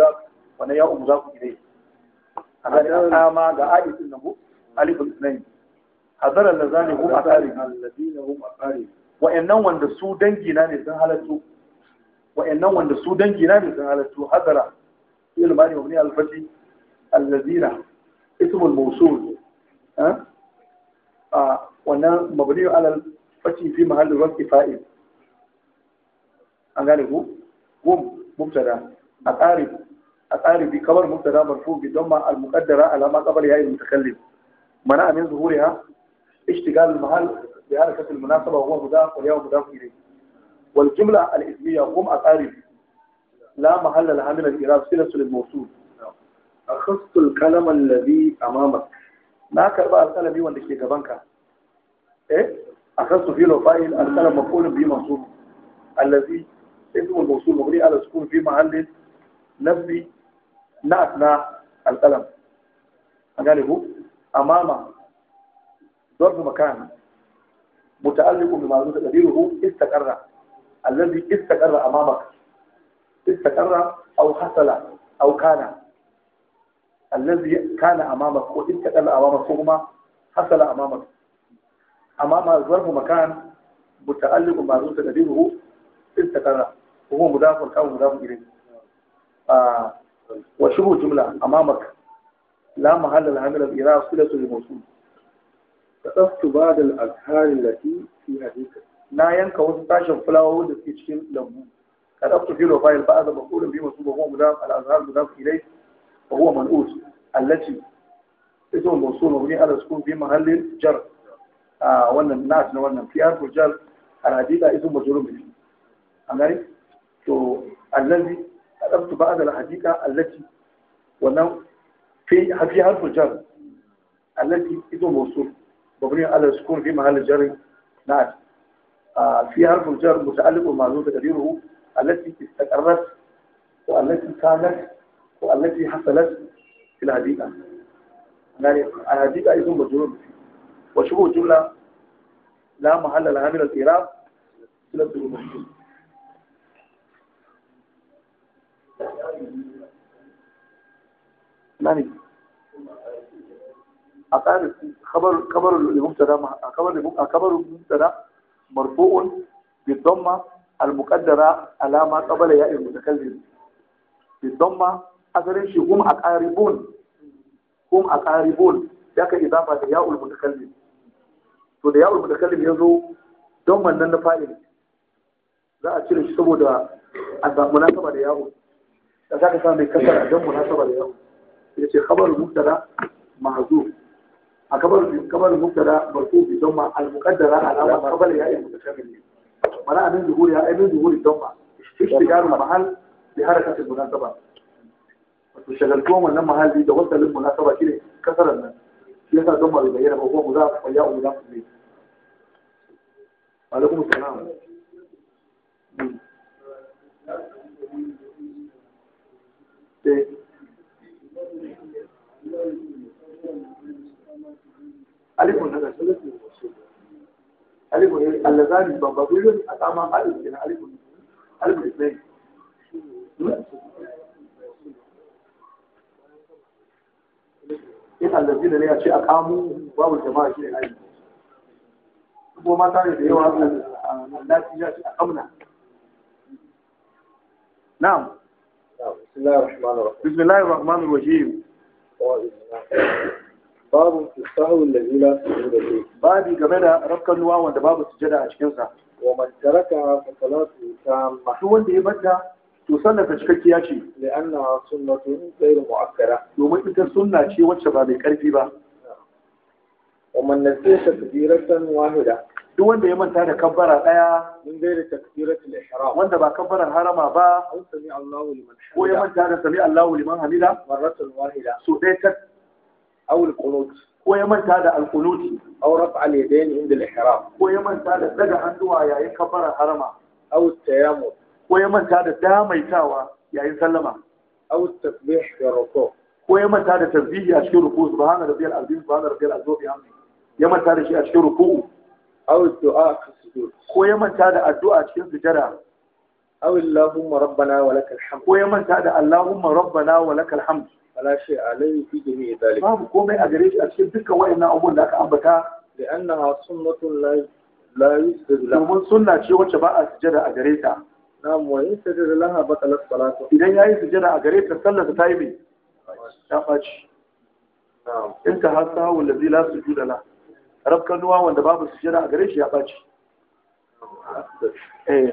Speaker 1: wa na ku mudaf ilayhi a gane kama ga alifin na alifu ɗin hadar allazani da zane hu a tsari wa'annan wanda su dangi na ne sun halattu wa'annan wanda su ne sun halattu hadara في المعنى مبني على الفتح الذين اسم الموصول ها آه وانا مبني على الفتح في محل رفع an gane ku gum mubtada aqarib aqaribi kabar mubtada marfu bi damma al muqaddara ala ma qabla ya al mutakallim mana min zuhuriha ishtigal al mahal bi harakat al munasaba huwa mudaf al لا محل لها من الإعراب صلة للموصول أخذت الكلام الذي أمامك ما كربا الكلام يوان دكي كبانك إيه أخذت في لو فاعل الكلام مفعول به منصوب الذي اسم الموصول مغني على سكون في محل نفسي نعتنا الكلام أقاله هو أمام ظرف مكان متعلق بما تقديره استقر الذي استقر أمامك استقر أو حصل أو كان الذي كان أمامك واستقر أمامك هما حصل أمامك أمام ظرف مكان متعلق معروف تقديره استقر وهو مضاف والكاو مضاف إليه آه وشبه جملة أمامك لا محل لها من الإيراء صلة للموصول تقفت بعد الأزهار التي في هديك نا ينكا وسطاشا فلاوه لسكي تشكين لمبوك قد أبتغل وفايل بقى هذا مفعول به منصوب وهو مضاف الأزهار مضاف إليه وهو منقوص التي اسم الموصول مبني على السكون في محل جر آه وانا الناس وانا في أرض الجر الحديث اسم مجرور به أمري الذي أبت بعد الحديثة التي ونو في في أرض الجر التي اسم موصول مبني على السكون في محل جر نعم آه، في حرف الجر متعلق ومعلوم تقديره التي استقرت والتي كانت والتي حصلت في الهديئة يعني الحديقة اسم مجرور وشبه جملة لا محل لها من الإعراب صلة المجرور يعني أقال خبر خبر المبتدا خبر المبتدا مرفوع بالضمة al-muqaddara alama qabala ya'il mutakallim bi dhamma asarin shi hum aqaribun hum aqaribun da ka idafa da ya'ul mutakallim to da ya'ul mutakallim yazo dhamma nan na fa'il za a cire shi saboda adda munasaba da ya'ul da zaka samu mai kasar da munasaba da ya'ul ce khabaru mutara ma'zu a kabar mutara barku bi dhamma al-muqaddara alama qabala ya'il mutakallim mana min zuhuri ai min zuhuri don ba ishtigaru mahal bi harakatin munasaba wato shagaltuwan wannan mahalli da wasalin munasaba shine kasaran nan shi yasa don ba bai bayyana ba ko mu za ku fayya gani ba gurin a saman in allazi da ne a kamu babu jama'a shi ne alif kuma mata ne da yawa allazi ya ce a kamna na'am بسم الله الرحمن الرحيم باب في الذي لا سجود فيه babi game da rafkan ruwa wanda babu sujada a cikinsa wa man taraka salatu tamma duk wanda ya bada to sallar ta cikakkiya ce li'anna sunnatun ghayr mu'akkara domin ita sunna ce wacce ba mai karfi ba wa man nasiya takbiratan wahida duk wanda ya manta da kabbara daya min ghayr takbiratul ihram wanda ba kabbarar harama ba sami Allahu liman hamida ko ya manta da sami Allahu liman hamida marratan wahida so dai ta awul qunut ko ya manta da alƙunuti aw raf'a al-yadayn inda al-ihram ko ya manta da daga hannuwa yayin kafara harama aw tayammum ko ya manta da damaitawa yayin sallama aw tasbih fi ruku' ko ya manta da tasbihi a cikin ruku subhana rabbiyal azim subhana rabbiyal azim bihamdi ya manta da shi a cikin ruku aw du'a fi sujud ko ya manta da addu'a a cikin sujada aw allahumma rabbana wa lakal hamd ko ya manta da allahumma rabbana wa lakal hamd ala shay fi babu komai a gare shi a cikin dukkan wayannan abubuwan da aka ambata da annaha sunnatun la la yusjadu domin sunna ce wacce ba a sujada a gare ta na'am wa in sajada laha batalat salatu idan yayi sujada a gare ta sallar ta yi mai ta faci na'am in ta hasa wallazi la sujuda la rabkan nuwa wanda babu sujada a gare shi ya faci eh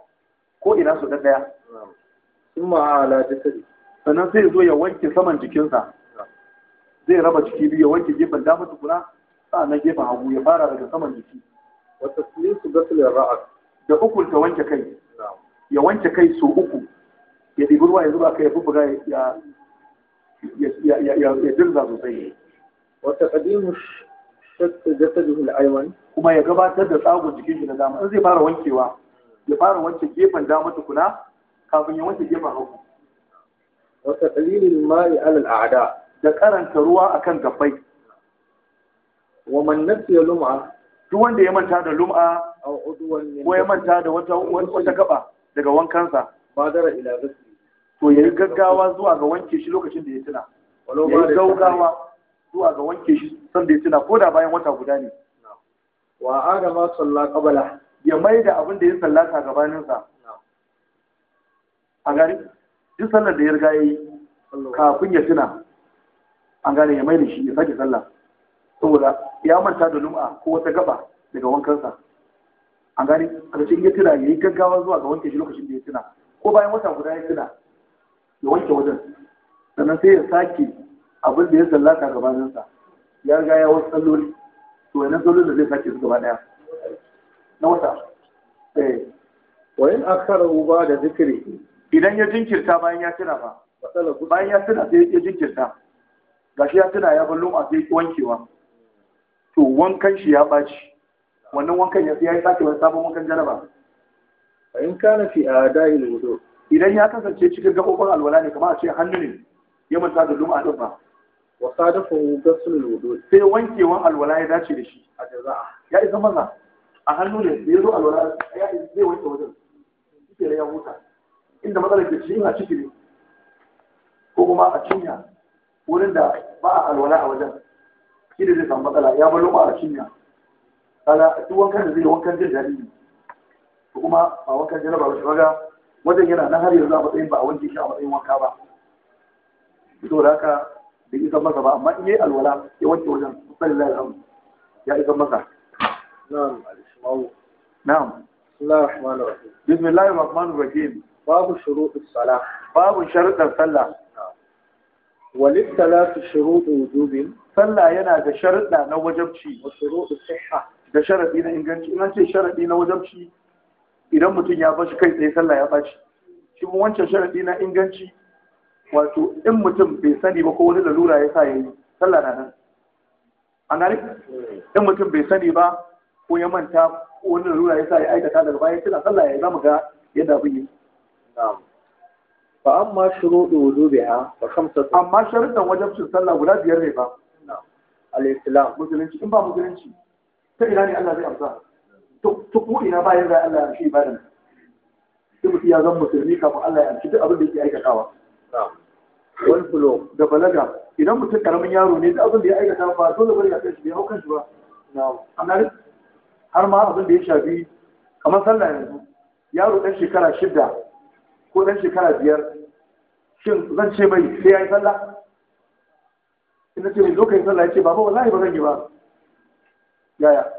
Speaker 1: ko ina su ɗaya sun ma da tare sannan sai zo ya wanke saman jikinsa zai raba jiki biyu ya wanke gefen dama tukuna na gefen hagu ya fara daga saman jiki wata su su ya ra'a da uku ta wanke kai ya wanke kai su uku ya ɗibi ruwa ya zuba kai ya bubbuga ya ya sosai wata kadimu shatta jasadin al'aiwan kuma ya gabatar da tsagon jikin shi na dama in zai fara wankewa ya fara wanke gefen dama tukuna kafin ya wanke gefen hagu Wata taqlilil ma'i alal a ada da karanta ruwa akan gabbai wa man ya lum'a duk wanda ya manta da lum'a ko ya manta da wata wata gaba daga wankansa badara ila ghusli to yi gaggawa zuwa ga wanke shi lokacin da ya tuna ya yi gaggawa zuwa ga wanke shi san da ya tuna ko da bayan wata guda ne wa adama sallah qabla ya mai da abin da ya sallata gabaninsa a gari duk sallar da ya riga ya yi kafin ya tuna an gane ya mai da shi ya sake sallah saboda ya manta da lum'a ko wata gaba daga wankansa an gane a cikin ya tuna ya yi gaggawa zuwa ga wanke shi lokacin da ya tuna ko bayan wata guda ya tuna ya wanke wajen sannan sai ya sake abin da ya sallata gabaninsa ya riga ya wasu salloli to wannan sallolin da zai sake su gaba daya na wata eh. wa in akhara ba da zikiri idan ya jinkirta bayan ya tuna ba bayan ya tuna sai ya jinkirta gashi ya tuna ya ballo a sai wankewa to wankan shi ya ɓaci wannan wankan ya yi sake wani sabon wankan jaraba a in kana fi a da'il wudu idan ya kasance cikin gaɓoɓin alwala ne kamar a ce hannu ne ya manta da lum'a ɗin ba wa sadafa gasul wudu sai wankewan alwala ya dace da shi a jaza'a ya isa maza a hannu ne da ya zo alwala ya zai wanke wajen da ya huta inda matsalar ke shi a ciki ne ko kuma a cinya wurin da ba a alwala a wajen shi da zai samu matsala ya bar loma a cinya a duk wankan da zai wankan jin daɗi ne ko kuma ba wankan jaraba ba shi kaga wajen yana nan har yanzu a matsayin ba a wanke shi a matsayin wanka ba da haka da isa masa ba amma in yi alwala ya wanke wajen sallallahu alaihi ya isa masa na'am na'am bismillahir rahmanir rahim babu shuruɗin sala babu sharuɗin sallah walid talatu shuruɗin wujubin sallah yana da sharuɗa na wajabci wa shuruɗin sihha da sharaɗi na inganci in ce sharaɗi na wajabci idan mutum ya bashi kai tsaye sallah ya bashi shi kuma wancan sharaɗi na inganci wato in mutum bai sani ba ko wani lalura ya sa yayi na nan an gani in mutum bai sani ba ko ya manta wani lura ya sa ya aikata daga baya tana sallah ya zama ga yadda abin yi fa amma shuruɗu wudubiha fa khamsatu amma sharuɗan wajibcin sallah guda biyar ne ba al-islam musulunci in ba musulunci ta ina ne Allah zai amsa to ko ina ba yadda Allah ya shi ibadan sai mutum ya zama musulmi kafin Allah ya amsa duk abin da yake aikatawa wal bulu da balaga idan mutum karamin yaro ne duk abin da ya aikata ba dole bane ya kai shi ya hau kanshi ba amma har ma abin da ya shafi kamar sallah yanzu yaro ɗan shekara shida ko ɗan shekara biyar shin zan ce mai sai ya yi sallah ina ce mai zo yi sallah ya ce ba wallahi ba zan yi ba yaya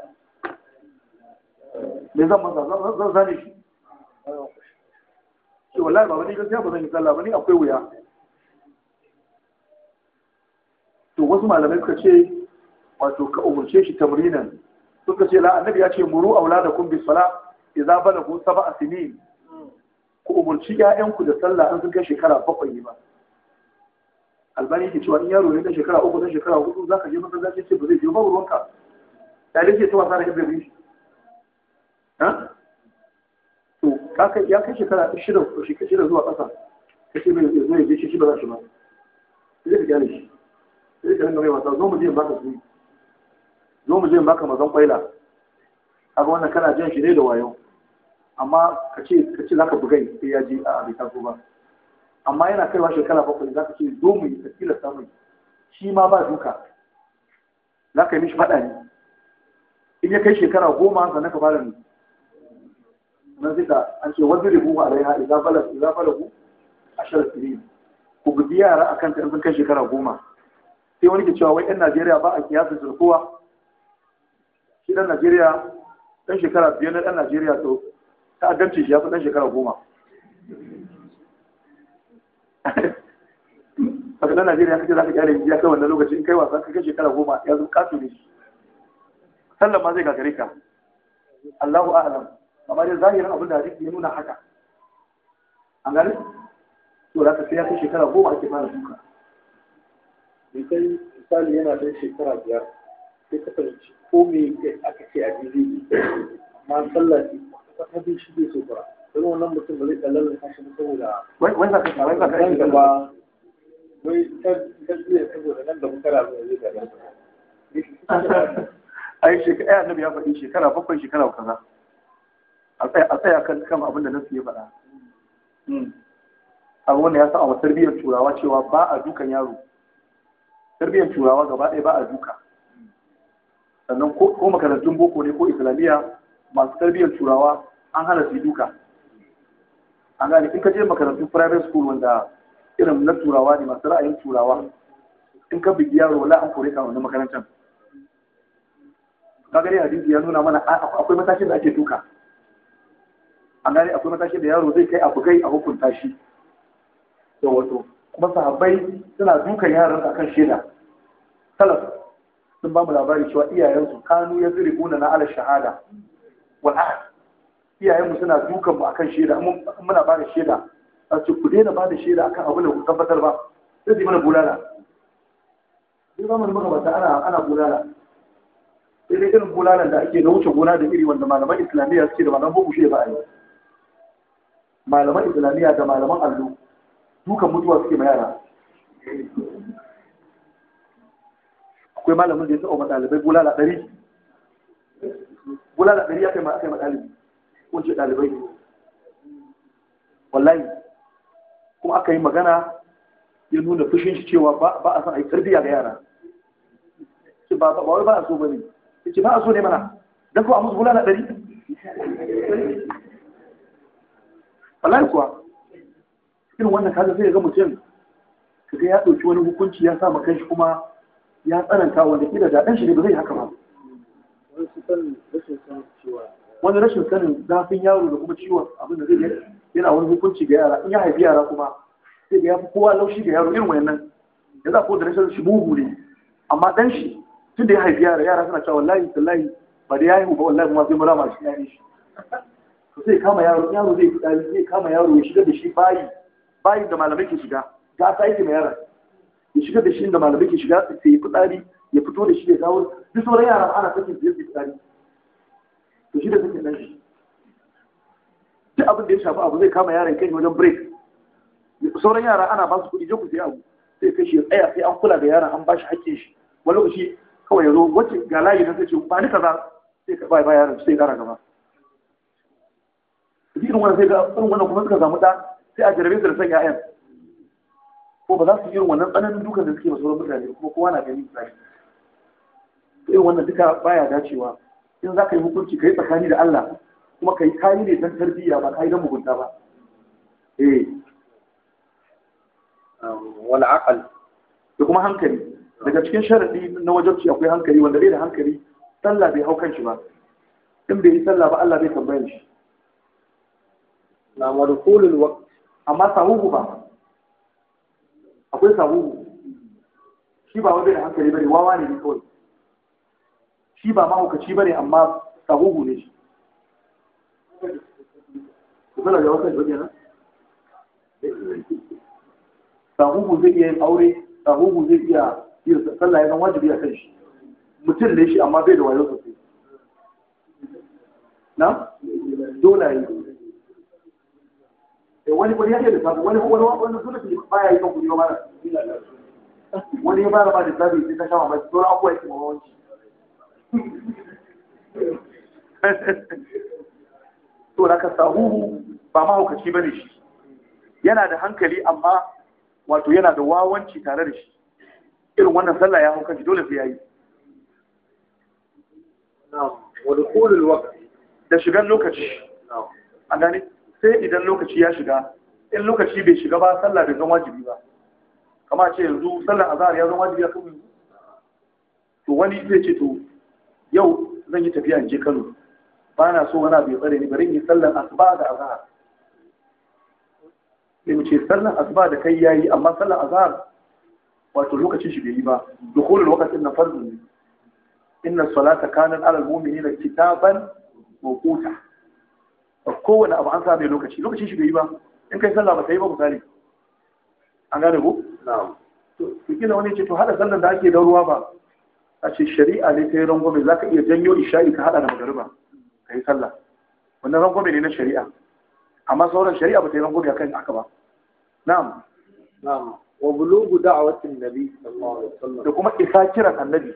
Speaker 1: me zan masa zan zane shi ce wallahi ba wani gaskiya ba zan yi sallah ba akwai wuya to wasu malamai suka ce wato ka umarce shi tamrinan suka ce la annabi ya ce muru auladakum bis sala idza balagu sab'a sinin ku umurci ƴaƴanku da sallah an sun kai shekara bakwai ne ba albani ke cewa in yaro ne da shekara uku na shekara hudu za ka je masallaci ce ba zai je ba ruwanka da dai ke ta wasa da ibrahim shi to kaka ya kai shekara shida ko shekara shida zuwa ƙasa ka ce mai zai je shi ba za shi ba zai ga gane shi zai ga rinka mai wasa zo mu je ba ka zuwa zo mu je maka mazan kwaila A ga wannan kana jan shi ne da wayo amma ka ce ka bugai sai ya ji a bai taso ba amma yana kaiwa shekara bakwai za ka ce zo mu yi tafila samu shi ma ba duka Za ka yi mishi faɗa ne in ya kai shekara goma na ka fara ne na ka an ce wani ribu a raiha idan balagu idan balagu ashar sinin ku bi yara a ta in kai shekara goma sai wani ke cewa wai yan Najeriya ba a kiyasin kowa idan Najeriya dan shekara biyar na dan Najeriya to adamci shi ya fi dan shekara goma haka dan Najeriya kake za ka kyale ya kai wannan lokacin kai wasa kai shekara goma ya zo kato ne sallan ma zai gagare ka Allahu a'lam amma dai zahirin abin da hadisi ya nuna haka an gane to za ka sai ya kai shekara goma ake fara duka bai kai misali yana da shekara biyar sai ka fahimci ko me aka ce a jiri amma sallah ce ta bi shi bai so ba don wannan mutum ba zai tsallar da shi saboda wai za ka wai za ka yi ba wai ta biya saboda nan da mutara ba zai da ga [LAUGHS] ai shekara annabi ya faɗi shekara bakwai shekara kaza a tsaya kan kan abin da nasu ya faɗa hmm. a wannan ya sa a tarbiyyar turawa cewa ba a dukan yaro tarbiyyar turawa gaba ɗaya ba a duka sannan ko makarantun boko ne ko islamiyya masu tarbiyyar turawa an hana su duka an gane in ka je makarantun private school wanda irin na turawa ne masu ra'ayin turawa in ka bigi yaro wala an kore ka wannan makarantar ka gani hadisi ya nuna mana akwai matashin da ake duka an gane akwai matashin da yaro zai kai abu kai a hukunta shi da wato kuma sahabbai suna dukan yaran akan shaida salaf sun ba mu labari cewa iyayensu kanu ya zuri na ala shahada wal iyayenmu suna dukan mu akan shaida muna ba da shaida a ce ku daina ba da shaida akan abin da ku tabbatar ba sai zai mana bulala duk da magabata ana ana bulala sai dai irin bulalan da ake na wuce gona da iri wanda malaman islamiyya suke da malaman boko shi ba a yi malaman islamiyya da malaman allo dukan mutuwa suke ma yara akwai malamin da ya taɓa ɗalibai bulala ɗari bulala ɗari ya yi aka yi ɗalibi kun ce ɗalibai wallahi kuma aka yi magana ya nuna fushin shi cewa ba a san a yi tarbiyya ga yara ce ba wai ba a so ba ne ya ce ba a so ne mana Dan don kuwa musu bulala ɗari wallahi kuwa irin wannan kaga sai ya ga mutum kaga ya ɗauki wani hukunci ya sa ma kanshi kuma ya tsananta wanda kila da ɗan shi ne ba zai haka ba wani rashin sanin zafin yaro da kuma ciwon abin da zai yana wani hukunci ga yara in ya haifi yara kuma sai ga ya fi kowa laushi ga yaro irin wayannan ya za ko da rashin shi mugu ne amma ɗan shi tun da ya haifi yara yara suna cewa wallahi tallahi ba da ya haihu ba wallahi kuma zai murama shi ya shi to sai kama yaro yaro zai fitari zai kama yaro ya shiga da shi bayi bayi da malamai ke shiga ga ta yake mai yara ya shiga da shi inda malamai ke shiga su yi fitsari ya fito da shi ya dawo duk sauran yara ana sakin su yi fitsari to shi da suke nan shi duk abin da ya shafi abu zai kama yaran kai wajen break sauran yara ana ba su kuɗi je ku sai abu sai kai shi tsaya sai an kula da yaran an ba shi hakkin shi wani lokaci kawai ya zo wacce ga layi na sai ba ni kaza sai ka bai ba yaran sai gara gaba irin wannan sai ga irin wannan kuma suka samu da sai a jarabe su da sanya 'ya'yan ko ba za su irin wannan tsananin dukan da suke ba sauran mutane kuma kowa na gani misali irin wannan duka baya dacewa in za ka yi hukunci ka yi tsakani da Allah kuma ka yi kayi ne don tarbiyya ba yi don mugunta ba eh um, wal aqal da kuma hankali daga cikin sharadi na wajabci akwai hankali wanda bai da hankali sallah bai hau shi ba in bai yi sallah ba Allah bai tambayar shi na madkhulul waqt amma sahuhu ba akwai sabu shi ba wani da hankali bane wawa ne kawai shi ba mahaukaci bane amma sabu ne shi kuma da wata jirgin nan sahuhu zai iya yin aure sahuhu zai iya yin sallah ya zan wajibi a kan shi mutum ne shi amma bai da wayo sosai na dola yi Eh, wani wani yake lissafi wani wani wani zulufi baya yi kan kudi ba mara wani ya fara ba lissafi sai ta kama mai sauran abubuwa yake mawanci to [LAUGHS] da ka sahuhu ba mahaukaci ba ne shi yana da hankali amma wato yana da wawanci tare da shi irin wannan sallah ya haukaci dole sai ya yi da shigan lokaci a gane sai idan lokaci ya shiga in lokaci bai shiga ba sallah bai zama wajibi ba kamar ce yanzu sallar azhar ya zama wajibi a kan yanzu to wani zai ce to yau zan yi tafiya in je Kano ba na so wani bai tsare ni bari in yi sallar asuba da azhar sai mu ce sallar asuba da kai yayi amma sallar azhar wato lokacin shi bai yi ba dukkanin lokacin na fardu ne inna salata kana ala al-mu'minina kitaban mawquta kowane abu an sa mai lokaci lokacin shi bai yi ba in kai sallah ba ta yi ba misali an gane ku? na'am to kila wani ce to hada sallan da ake da ruwa ba a ce shari'a ne ta yi rangwame za ka iya janyo isha'i ka hada da magariba ka yi sallah wannan rangwame ne na shari'a amma sauran shari'a ba ta yi rangwame akan haka ba na'am na'am wa bulugu da'awatin nabi da kuma isa kiran annabi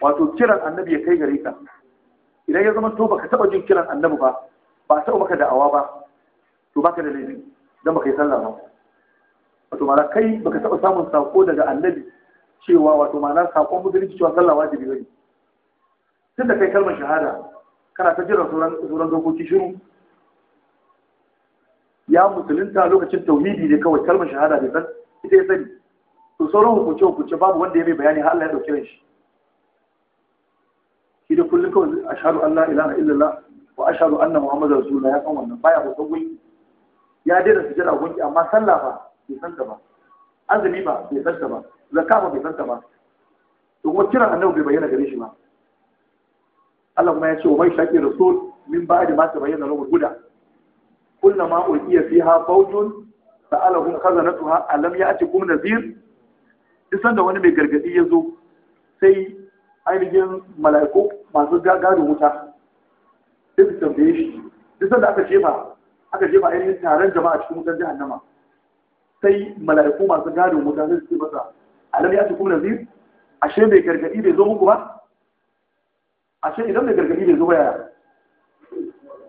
Speaker 1: wato kiran annabi ya kai gare ka idan ya zama to baka taba jin kiran annabi ba ba ta maka da'awa ba to baka da laifi don baka yi sallah ba wato ma'ana kai baka taɓa samun sako daga annabi cewa wato ma'ana sakon musulunci cewa sallah wajibi bane tun da kai kalmar shahada kana ta jira sauran dokoki shiru ya musulunta lokacin tauhidi ne kawai kalmar shahada bai san ita ya sani to sauran hukunce hukunce babu wanda ya mai bayani har Allah ya dauke shi shi da kullum kawai ashhadu Allah, la ilaha illallah wa ashhadu anna muhammadar rasulullah ya san wannan baya hoton gunki ya daina su sujada gunki amma sallah ba bai san ta ba azumi ba bai san ta ba zakka ba bai san ta ba to kuma kiran annabi bai bayyana gare shi ba Allah kuma ya ce wa mai shaqi rasul min ba ba'di ma tabayyana lahu huda kullama ulqiya fiha fawjun sa'alahum khazanatuha alam ya'tikum nadhir duk sanda wani mai gargadi ya zo sai ainihin mala'iku masu gagarin wuta sai su tambaye shi duk sanda aka jefa aka jefa ainihin taron jama'a cikin wutar jahannama sai mala'iku masu gado wuta sai su ce masa alam ya tukum nazir ashe bai gargadi bai zo muku ba ashe idan bai gargadi bai zo ba yaya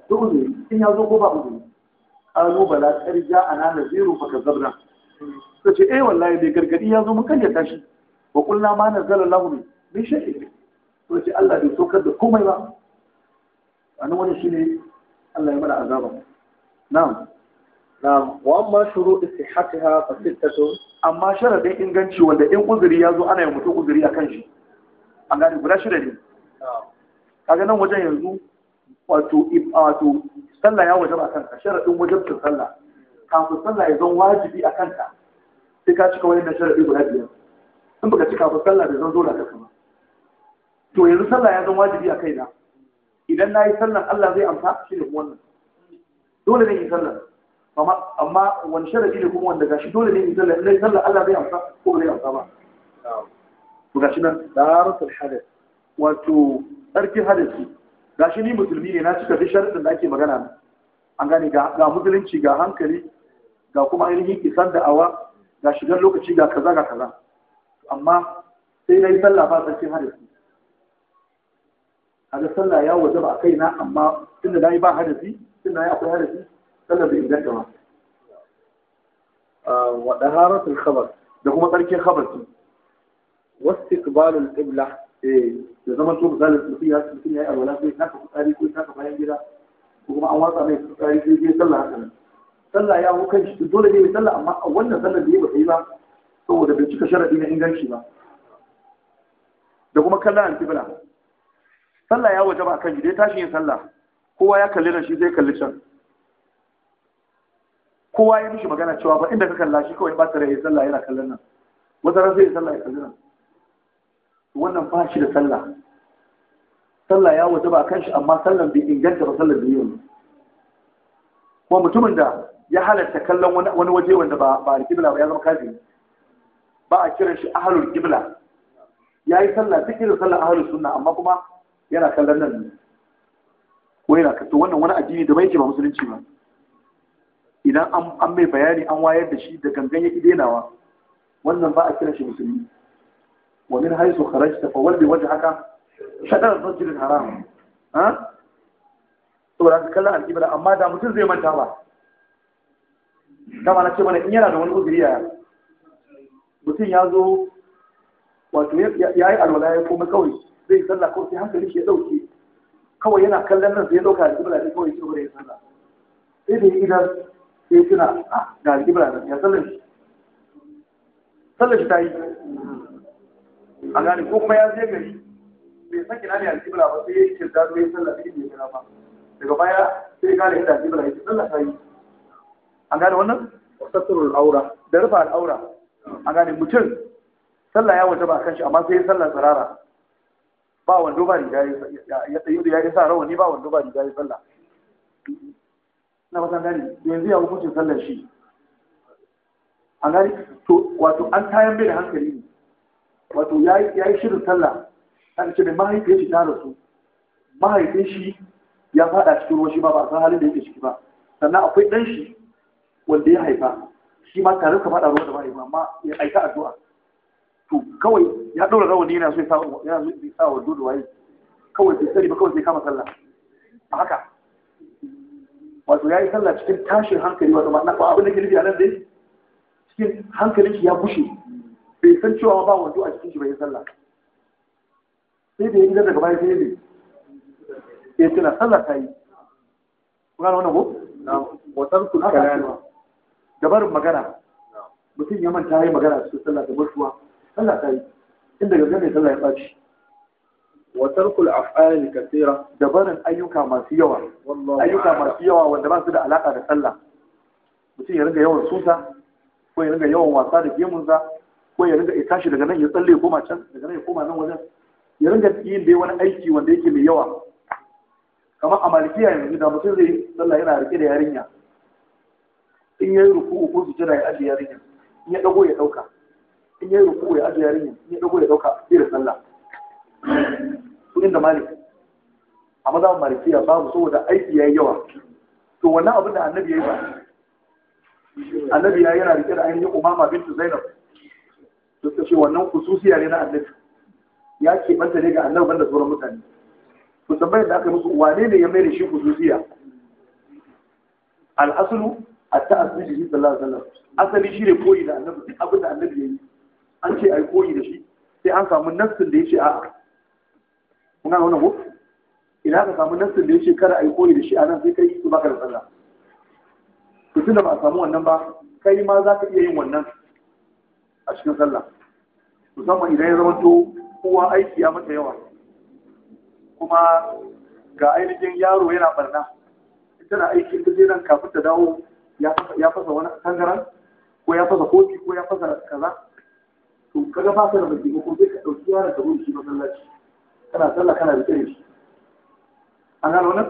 Speaker 1: to uzuri in ya zo ko ba uzuri zo? bala qad ja'ana naziru fa kazzabna sai ce eh wallahi bai gargadi ya zo mun karyata shi wa qulna ma nazzala Allahu min shay'in to ce Allah bai saukar da komai ba wannan wani shine Allah ya mana azaba na'am na, wa amma shuru istihatiha fa sittatu amma sharadin inganci wanda in uzuri ya zo ana yin mutum uzuri akan shi an gane guda shida ne kaga nan wajen yanzu wato wato sallah ya wajaba kanka sharadin wajabcin sallah kafin sallah ya zan wajibi a kanka sai ka cika wani sharadi guda biyar in baka cika kafin sallah bai zan zo da kasa ba to yanzu sallah ya zan wajibi a kaina idan na yi sallan Allah zai amsa shi ne wannan dole ne yi sallan amma wani sharadi ne kuma wanda gashi dole ne yi sallan idan sallan Allah zai amsa ko zai amsa ba to gashi nan daratul hadith wato tsarkin hadisi gashi ni musulmi ne na cika sharadin da ake magana an gane ga musulunci ga hankali ga kuma ainihin isar da awa ga shigar lokaci ga kaza ga kaza amma sai na yi sallah ba tsarkin hadisi kaga sallah ya wajaba a kaina amma tunda nayi ba hadasi tunda nayi akwai hadasi sallah bai inganta ba ah, wa daharatul khabar da kuma tsarkin khabar su wastiqbalul qibla eh da zaman to misali su ya mutum a wala sai taka fitsari ko taka bayan gida ko kuma an watsa mai fitsari sai ya sallah haka nan sallah ya hu kan shi dole ne mai sallah amma a wannan sallah da ya bai yi ba saboda bai cika sharadi na inganci ba da kuma kallon al sallah ya waje ba kan shi dai tashi yin sallah kowa ya kalli nan shi zai kalli can kowa ya mishi magana cewa ba inda ka kalla shi kawai ba tare ya sallah yana kallon nan wata ran sai sallah ya kalli nan wannan ba shi da sallah sallah ya waje ba kan shi amma sallan bai inganta ba sallan biyu ne kuma mutumin da ya halatta kallon wani waje wanda ba ba alƙibla ba ya zama kafiri ba a kiran shi ahlul qibla yayi sallah duk irin sallah ahlus sunna amma kuma yana kallon nan ne ko yana to wannan wani addini da bai ke ba musulunci ba idan an mai bayani an wayar da shi da gangan yake denawa wannan ba a kira shi musulmi wa min haisu kharajta fa bi wajhaka shadar masjidil haram ha saboda ka kallon al'ibra amma da mutum zai manta ba dama na ce mana in yana da wani uzuri yaya mutum ya zo wato ya yi alwala ya koma kawai zai sallah ko sai hankali shi ya dauke kawai yana kallon nan sai ya dauka kibla ne kawai shi ya sallah sai da idan sai ya tuna ah ga kibla da ya sallar shi sallar shi ta yi a ko kuma ya je gari bai san ina ne kibla ba sai ya yi kirta zai sallah sai ya kira ba daga baya sai gane inda kibla sai sallah ta yi an wannan tasirul aura da rufa al'aura Aura gane mutum sallah ya waje ba kan shi amma sai ya sallah tsirara ba wando ba riga ya tsayi da ya yi sa rawani ba wando ba riga ya sallah na fatan gani yanzu ya hukuncin sallar shi a gani to wato an kayan bai da hankali ne wato ya yi shirin sallah an ce mai mahaifiyar shi ta rasu mahaifin shi ya fada cikin ruwa shi ba ba san halin da yake ciki ba sannan akwai ɗan shi wanda ya haifa shi ma tare ka fada ruwa da mahaifa amma ya aika addu'a to kawai ya ɗora rawani yana so ya sa wa dudu waye kawai sai sani ba kawai sai kama sallah a haka wato ya yi sallah cikin tashin hankali wato ma'ana ko abin da ke a nan dai cikin hankalin shi ya bushe bai san cewa ba wando a cikin shi bai sallah sai da ya gida daga baya sai ne ya eh, tuna sallah ta yi kuna wannan ko wasan kun kalama da magana mutum ya manta yi magana cikin sallah da mutuwa sallah ta yi inda gaga mai sallah ya ɓaci wa tarkul af'al kathira da barin ayyuka masu yawa ayyuka masu yawa wanda ba su da alaka da sallah mutum ya riga yawan susa ko ya riga yawan wasa da gemunsa ko ya riga ya tashi daga nan ya tsalle koma can daga nan ya koma nan wajen ya riga yin dai wani aiki wanda yake mai yawa kamar a malikiya yanzu da mutum zai sallah yana rike da yarinya in ya yi ruku ko su jira ya ajiye yarinya in ya dago ya ɗauka. in yi ruku ya ajiye yarinya in ya dago ya dauka sai da sallah su inda malik a mazhabin malikiya babu saboda aiki ya yi yawa to wannan abin da annabi yayi ba annabi ya yana rike da ainihin umama bintu zainab to ta ce wannan kususiya ne na annabi ya ke banta ne ga annabi banda sauran mutane to tambayar da aka yi musu wane ne ya mai da shi kususiya? al'asulu a ta'asiri sallallahu alaihi wasallam asali shi ne koyi da annabi abin da annabi ya yi an ce a yi koyi da shi sai an samu nafsin da ya ce a'a kuna wannan ko idan aka samu nafsin da ya ce kada a yi koyi da shi a nan sai kai su baka da sallah to tunda ba a samu wannan ba kai ma za ka iya yin wannan a cikin sallah musamman idan ya zama to kowa aiki ya mata yawa kuma ga ainihin yaro yana barna tana aiki ta je kafin ta dawo ya fasa wani tangaran ko ya fasa kofi ko ya fasa kaza to kaga ba ka da mai taimako sai ka ɗauki yaron ka gudu shi masallaci kana sallah kana rike da shi an gano nan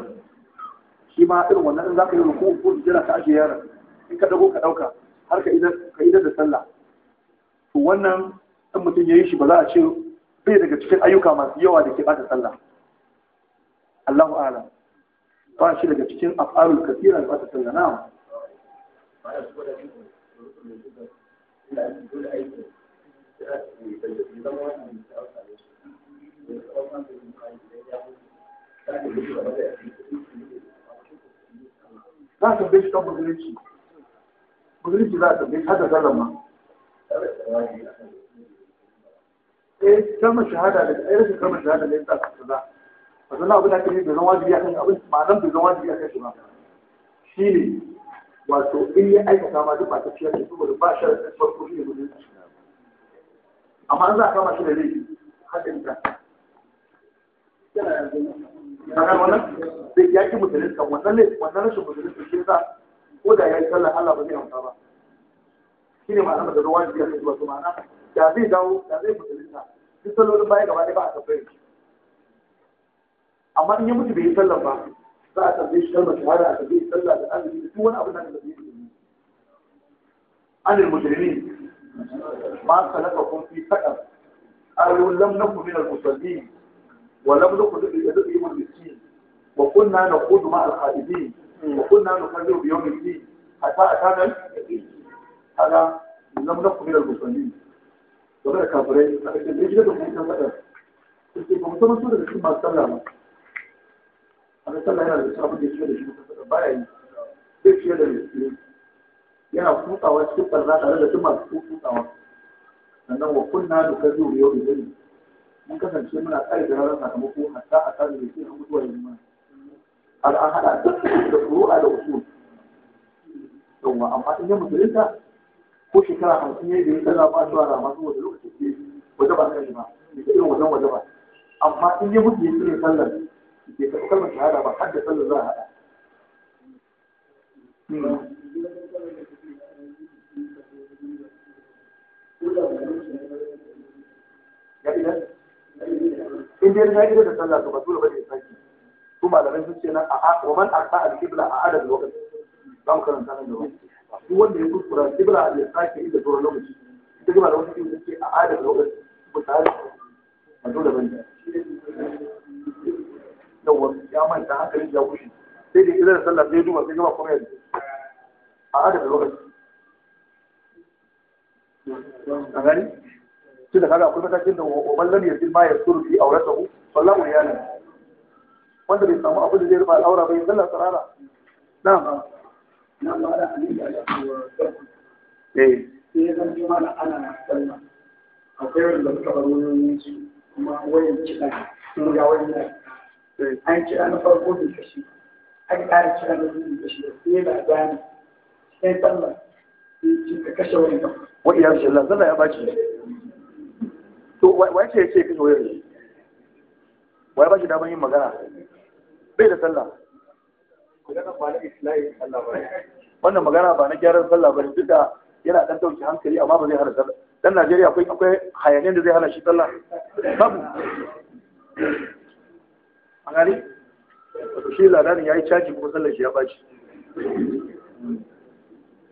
Speaker 1: shi ma irin wannan in za ka yi ruku ko jira ka ashe yaron in ka ɗago ka ɗauka har ka idar da sallah to wannan in mutum ya yi shi ba za a ce bai daga cikin ayyuka masu yawa da ke bata sallah Allahu a'lam ba shi daga cikin af'alul kathira da ɓata sallah na'am za a tambaye shi kan budurci budurci za a tambaye hada zarar ma eh kalmar shahada da ɗaya eh, rashin shahada ne ta kasa za a zana abin da ake yi bai zama wajibi akan abin nan bai zama wajibi akan shi ba shi ne wato in ya aikata ma duk ba ta fiye da saboda ba shi da farko shi ne budurci amma an za a kama shi da laifi haɗin ka sanar wannan zai yaƙi musulunta wannan ne wannan rashin musulunta shi sa ko da ya yi sallah Allah ba zai amsa ba shi ne ma'anar da ruwan jiya zuwa su ma'ana da zai dawo da zai musulunta duk sallolin baya gaba ɗaya ba a tambaye amma in ya mutu bai yi sallah ba za a tambaye shi kalmar shahada a tambaye sallah da azumi da duk wani abu da ka tambaye shi anil mujrimin ما سلككم في سقر قالوا لم نكن من المصلين ولم نكن يدعو المسكين وكنا نقود مع الخائبين وكنا نكذب بيوم الدين حتى أتانا هذا لم نكن من المصلين وغير كافرين يجب أن يكون سقر فمتمسوا لكي ما سلم أنا سلم هنا لكي أبدي شيء لكي ما سلم باين كيف شيء لكي yana kutsawa cikin barna tare da duk masu kutsawa sannan wa kunna da kazu yau da yau mun kasance muna tsari da ranar sakamako hatta a kan da ke mutuwa yin mana al'an haɗa duk da furu'a da usul yawa amma in yi musulunta ko shekara hamsin ya yi da ya tsalla ba su ara masu wata lokaci ke waje ba kan ba bai ta irin wajen waje ba amma in yi mutu ya tsire sallar bai taɓa kalmar shahada ba har da sallar za a haɗa hmm. ya idan in dai ya idan da sallah to ba dole bane saki Kuma malamai sun ce na a wa man aka al-qibla a adad lokaci za mu karanta nan gaba duk wanda ya kuskura qibla ya sake inda sauran lokaci ita kuma da wani sun ce a adad lokaci ko tare ba dole da wani ya manta hankalin ya kushe sai da idan sallah sai duba sai gaba kuma ya a adad lokaci a gani shi da kaga akwai matakin da ya wa lam yajid ma yasturu fi awratahu sallahu riyalan wanda bai samu abin da zai rufa al'aura bai sallah sarara na'am Na ba da hannun da ya eh sai ya zama da ana na sallah akwai wanda suka bar wurin kuma wayan kiɗa sun ga wayan eh. an kira na farko da kashi aka ƙara kira na biyu da kashi sai da gane sai sallah sai ka kashe wani kafa wa iya shi Allah zalla ya baci to wai ce yake kashe wayar wai ba shi daman yin magana bai da sallah wannan magana ba na gyaran sallah ba ne, duk da yana dan dauke hankali amma ba zai hana sallah dan Najeriya akwai akwai hayanin da zai hana shi sallah babu a gani wato shi ladanin ya yi caji kuma sallar shi ya baci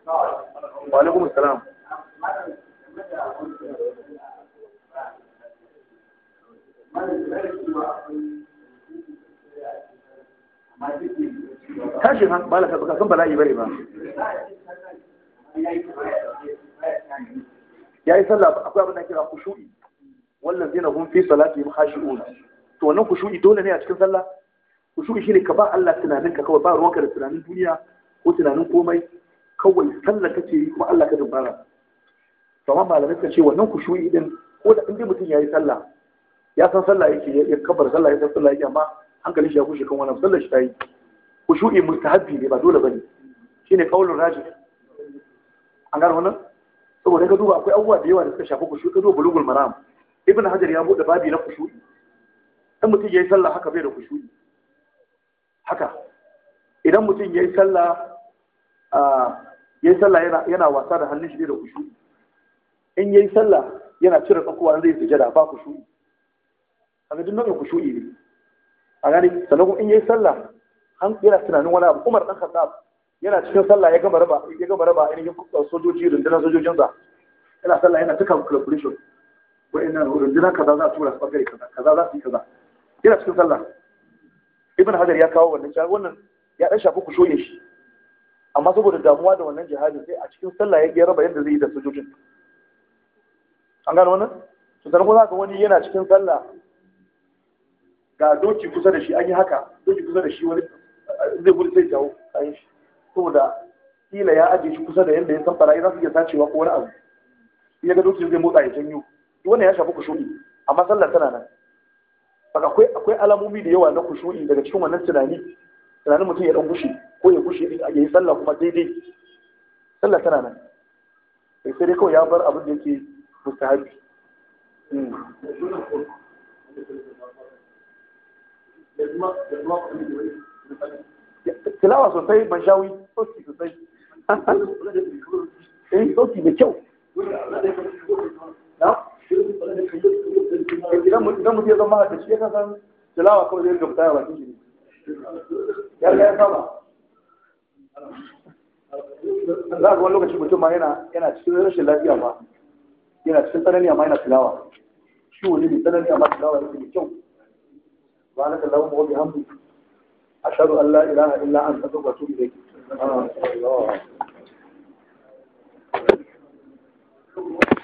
Speaker 1: wa alaikum salam tashi ba la ka ba la'ayi bari ba yi sallah akwai abin da kira kushu'i zina hun fi salatihim khashi'un to wannan kushu'i dole ne a cikin sallah kushu'i ne ka ba Allah tunanin ka kawai ba ruwanka da tunanin duniya ko tunanin komai kawai sallah yi kuma Allah ka dubara kamar malamai suka ce wannan kushuyi din ko da inda mutum ya yi sallah ya san sallah yake ya kabar sallah ya san sallah yake amma hankalin shi ya kushe kan wannan sallah shi ta yi kushu'i mustahabbi ne ba dole bane shine kaulin rajih an gano wannan saboda ka duba akwai abubuwa da yawa da suka shafi kushuyi ka duba bulugul maram ibn hajar ya bude babi na kushuyi in mutum ya yi sallah haka bai da kushuyi haka idan mutum ya yi sallah ah, yana wasa da hannun shi da kushu'i in yayi sallah yana cire tsakuwa zai sujada ba ku a ga dinnan ku shu'i ne a gani sannan kuma in yayi sallah han yana tunanin wani abu Umar dan Khattab yana cikin sallah ya gama raba ya gama raba ainihin uh, sojoji rundunar sojojinsa yana sallah yana ta calculation wa'annan rundunar kaza za su tura su bangare kaza kaza za su yi kaza yana cikin sallah ibn hajar ya kawo wannan jihar wannan ya dan shafi ku shoye shi amma saboda damuwa da wannan jihadin sai a cikin sallah ya raba yadda zai yi da sojojin an gano wannan su sannan za ka wani yana cikin sallah ga doki kusa da shi an yi haka doki kusa da shi wani zai wuri sai jawo yi shi saboda kila ya ajiye shi kusa da yadda ya san barayi za su iya sacewa ko wani abu ya ga doki zai motsa ya janyo wannan ya shafi kushu'i amma sallah tana nan baka akwai akwai alamomi da yawa na kushu'i daga cikin wannan tunani tunanin mutum ya dan gushe ko ya gushe ya yi sallah kuma daidai sallah tana nan sai dai kawai ya bar abin da yake mustahabi hmm. tilawa sosai ban shawi soki sosai [LAUGHS] eh soki da kyau idan ya zama da shi ya san tilawa kawai zai riga ya bakin shi ya ya saba za wani lokaci mutum ma yana cikin rashin lafiya ba yana cikin tsanani amma yana tilawa shi wani mai tsanani amma tilawa yake da kyau ba na kallon wani hamdu a shaɗu Allah ilaha illa an tsaka kwatu da yake Thank you.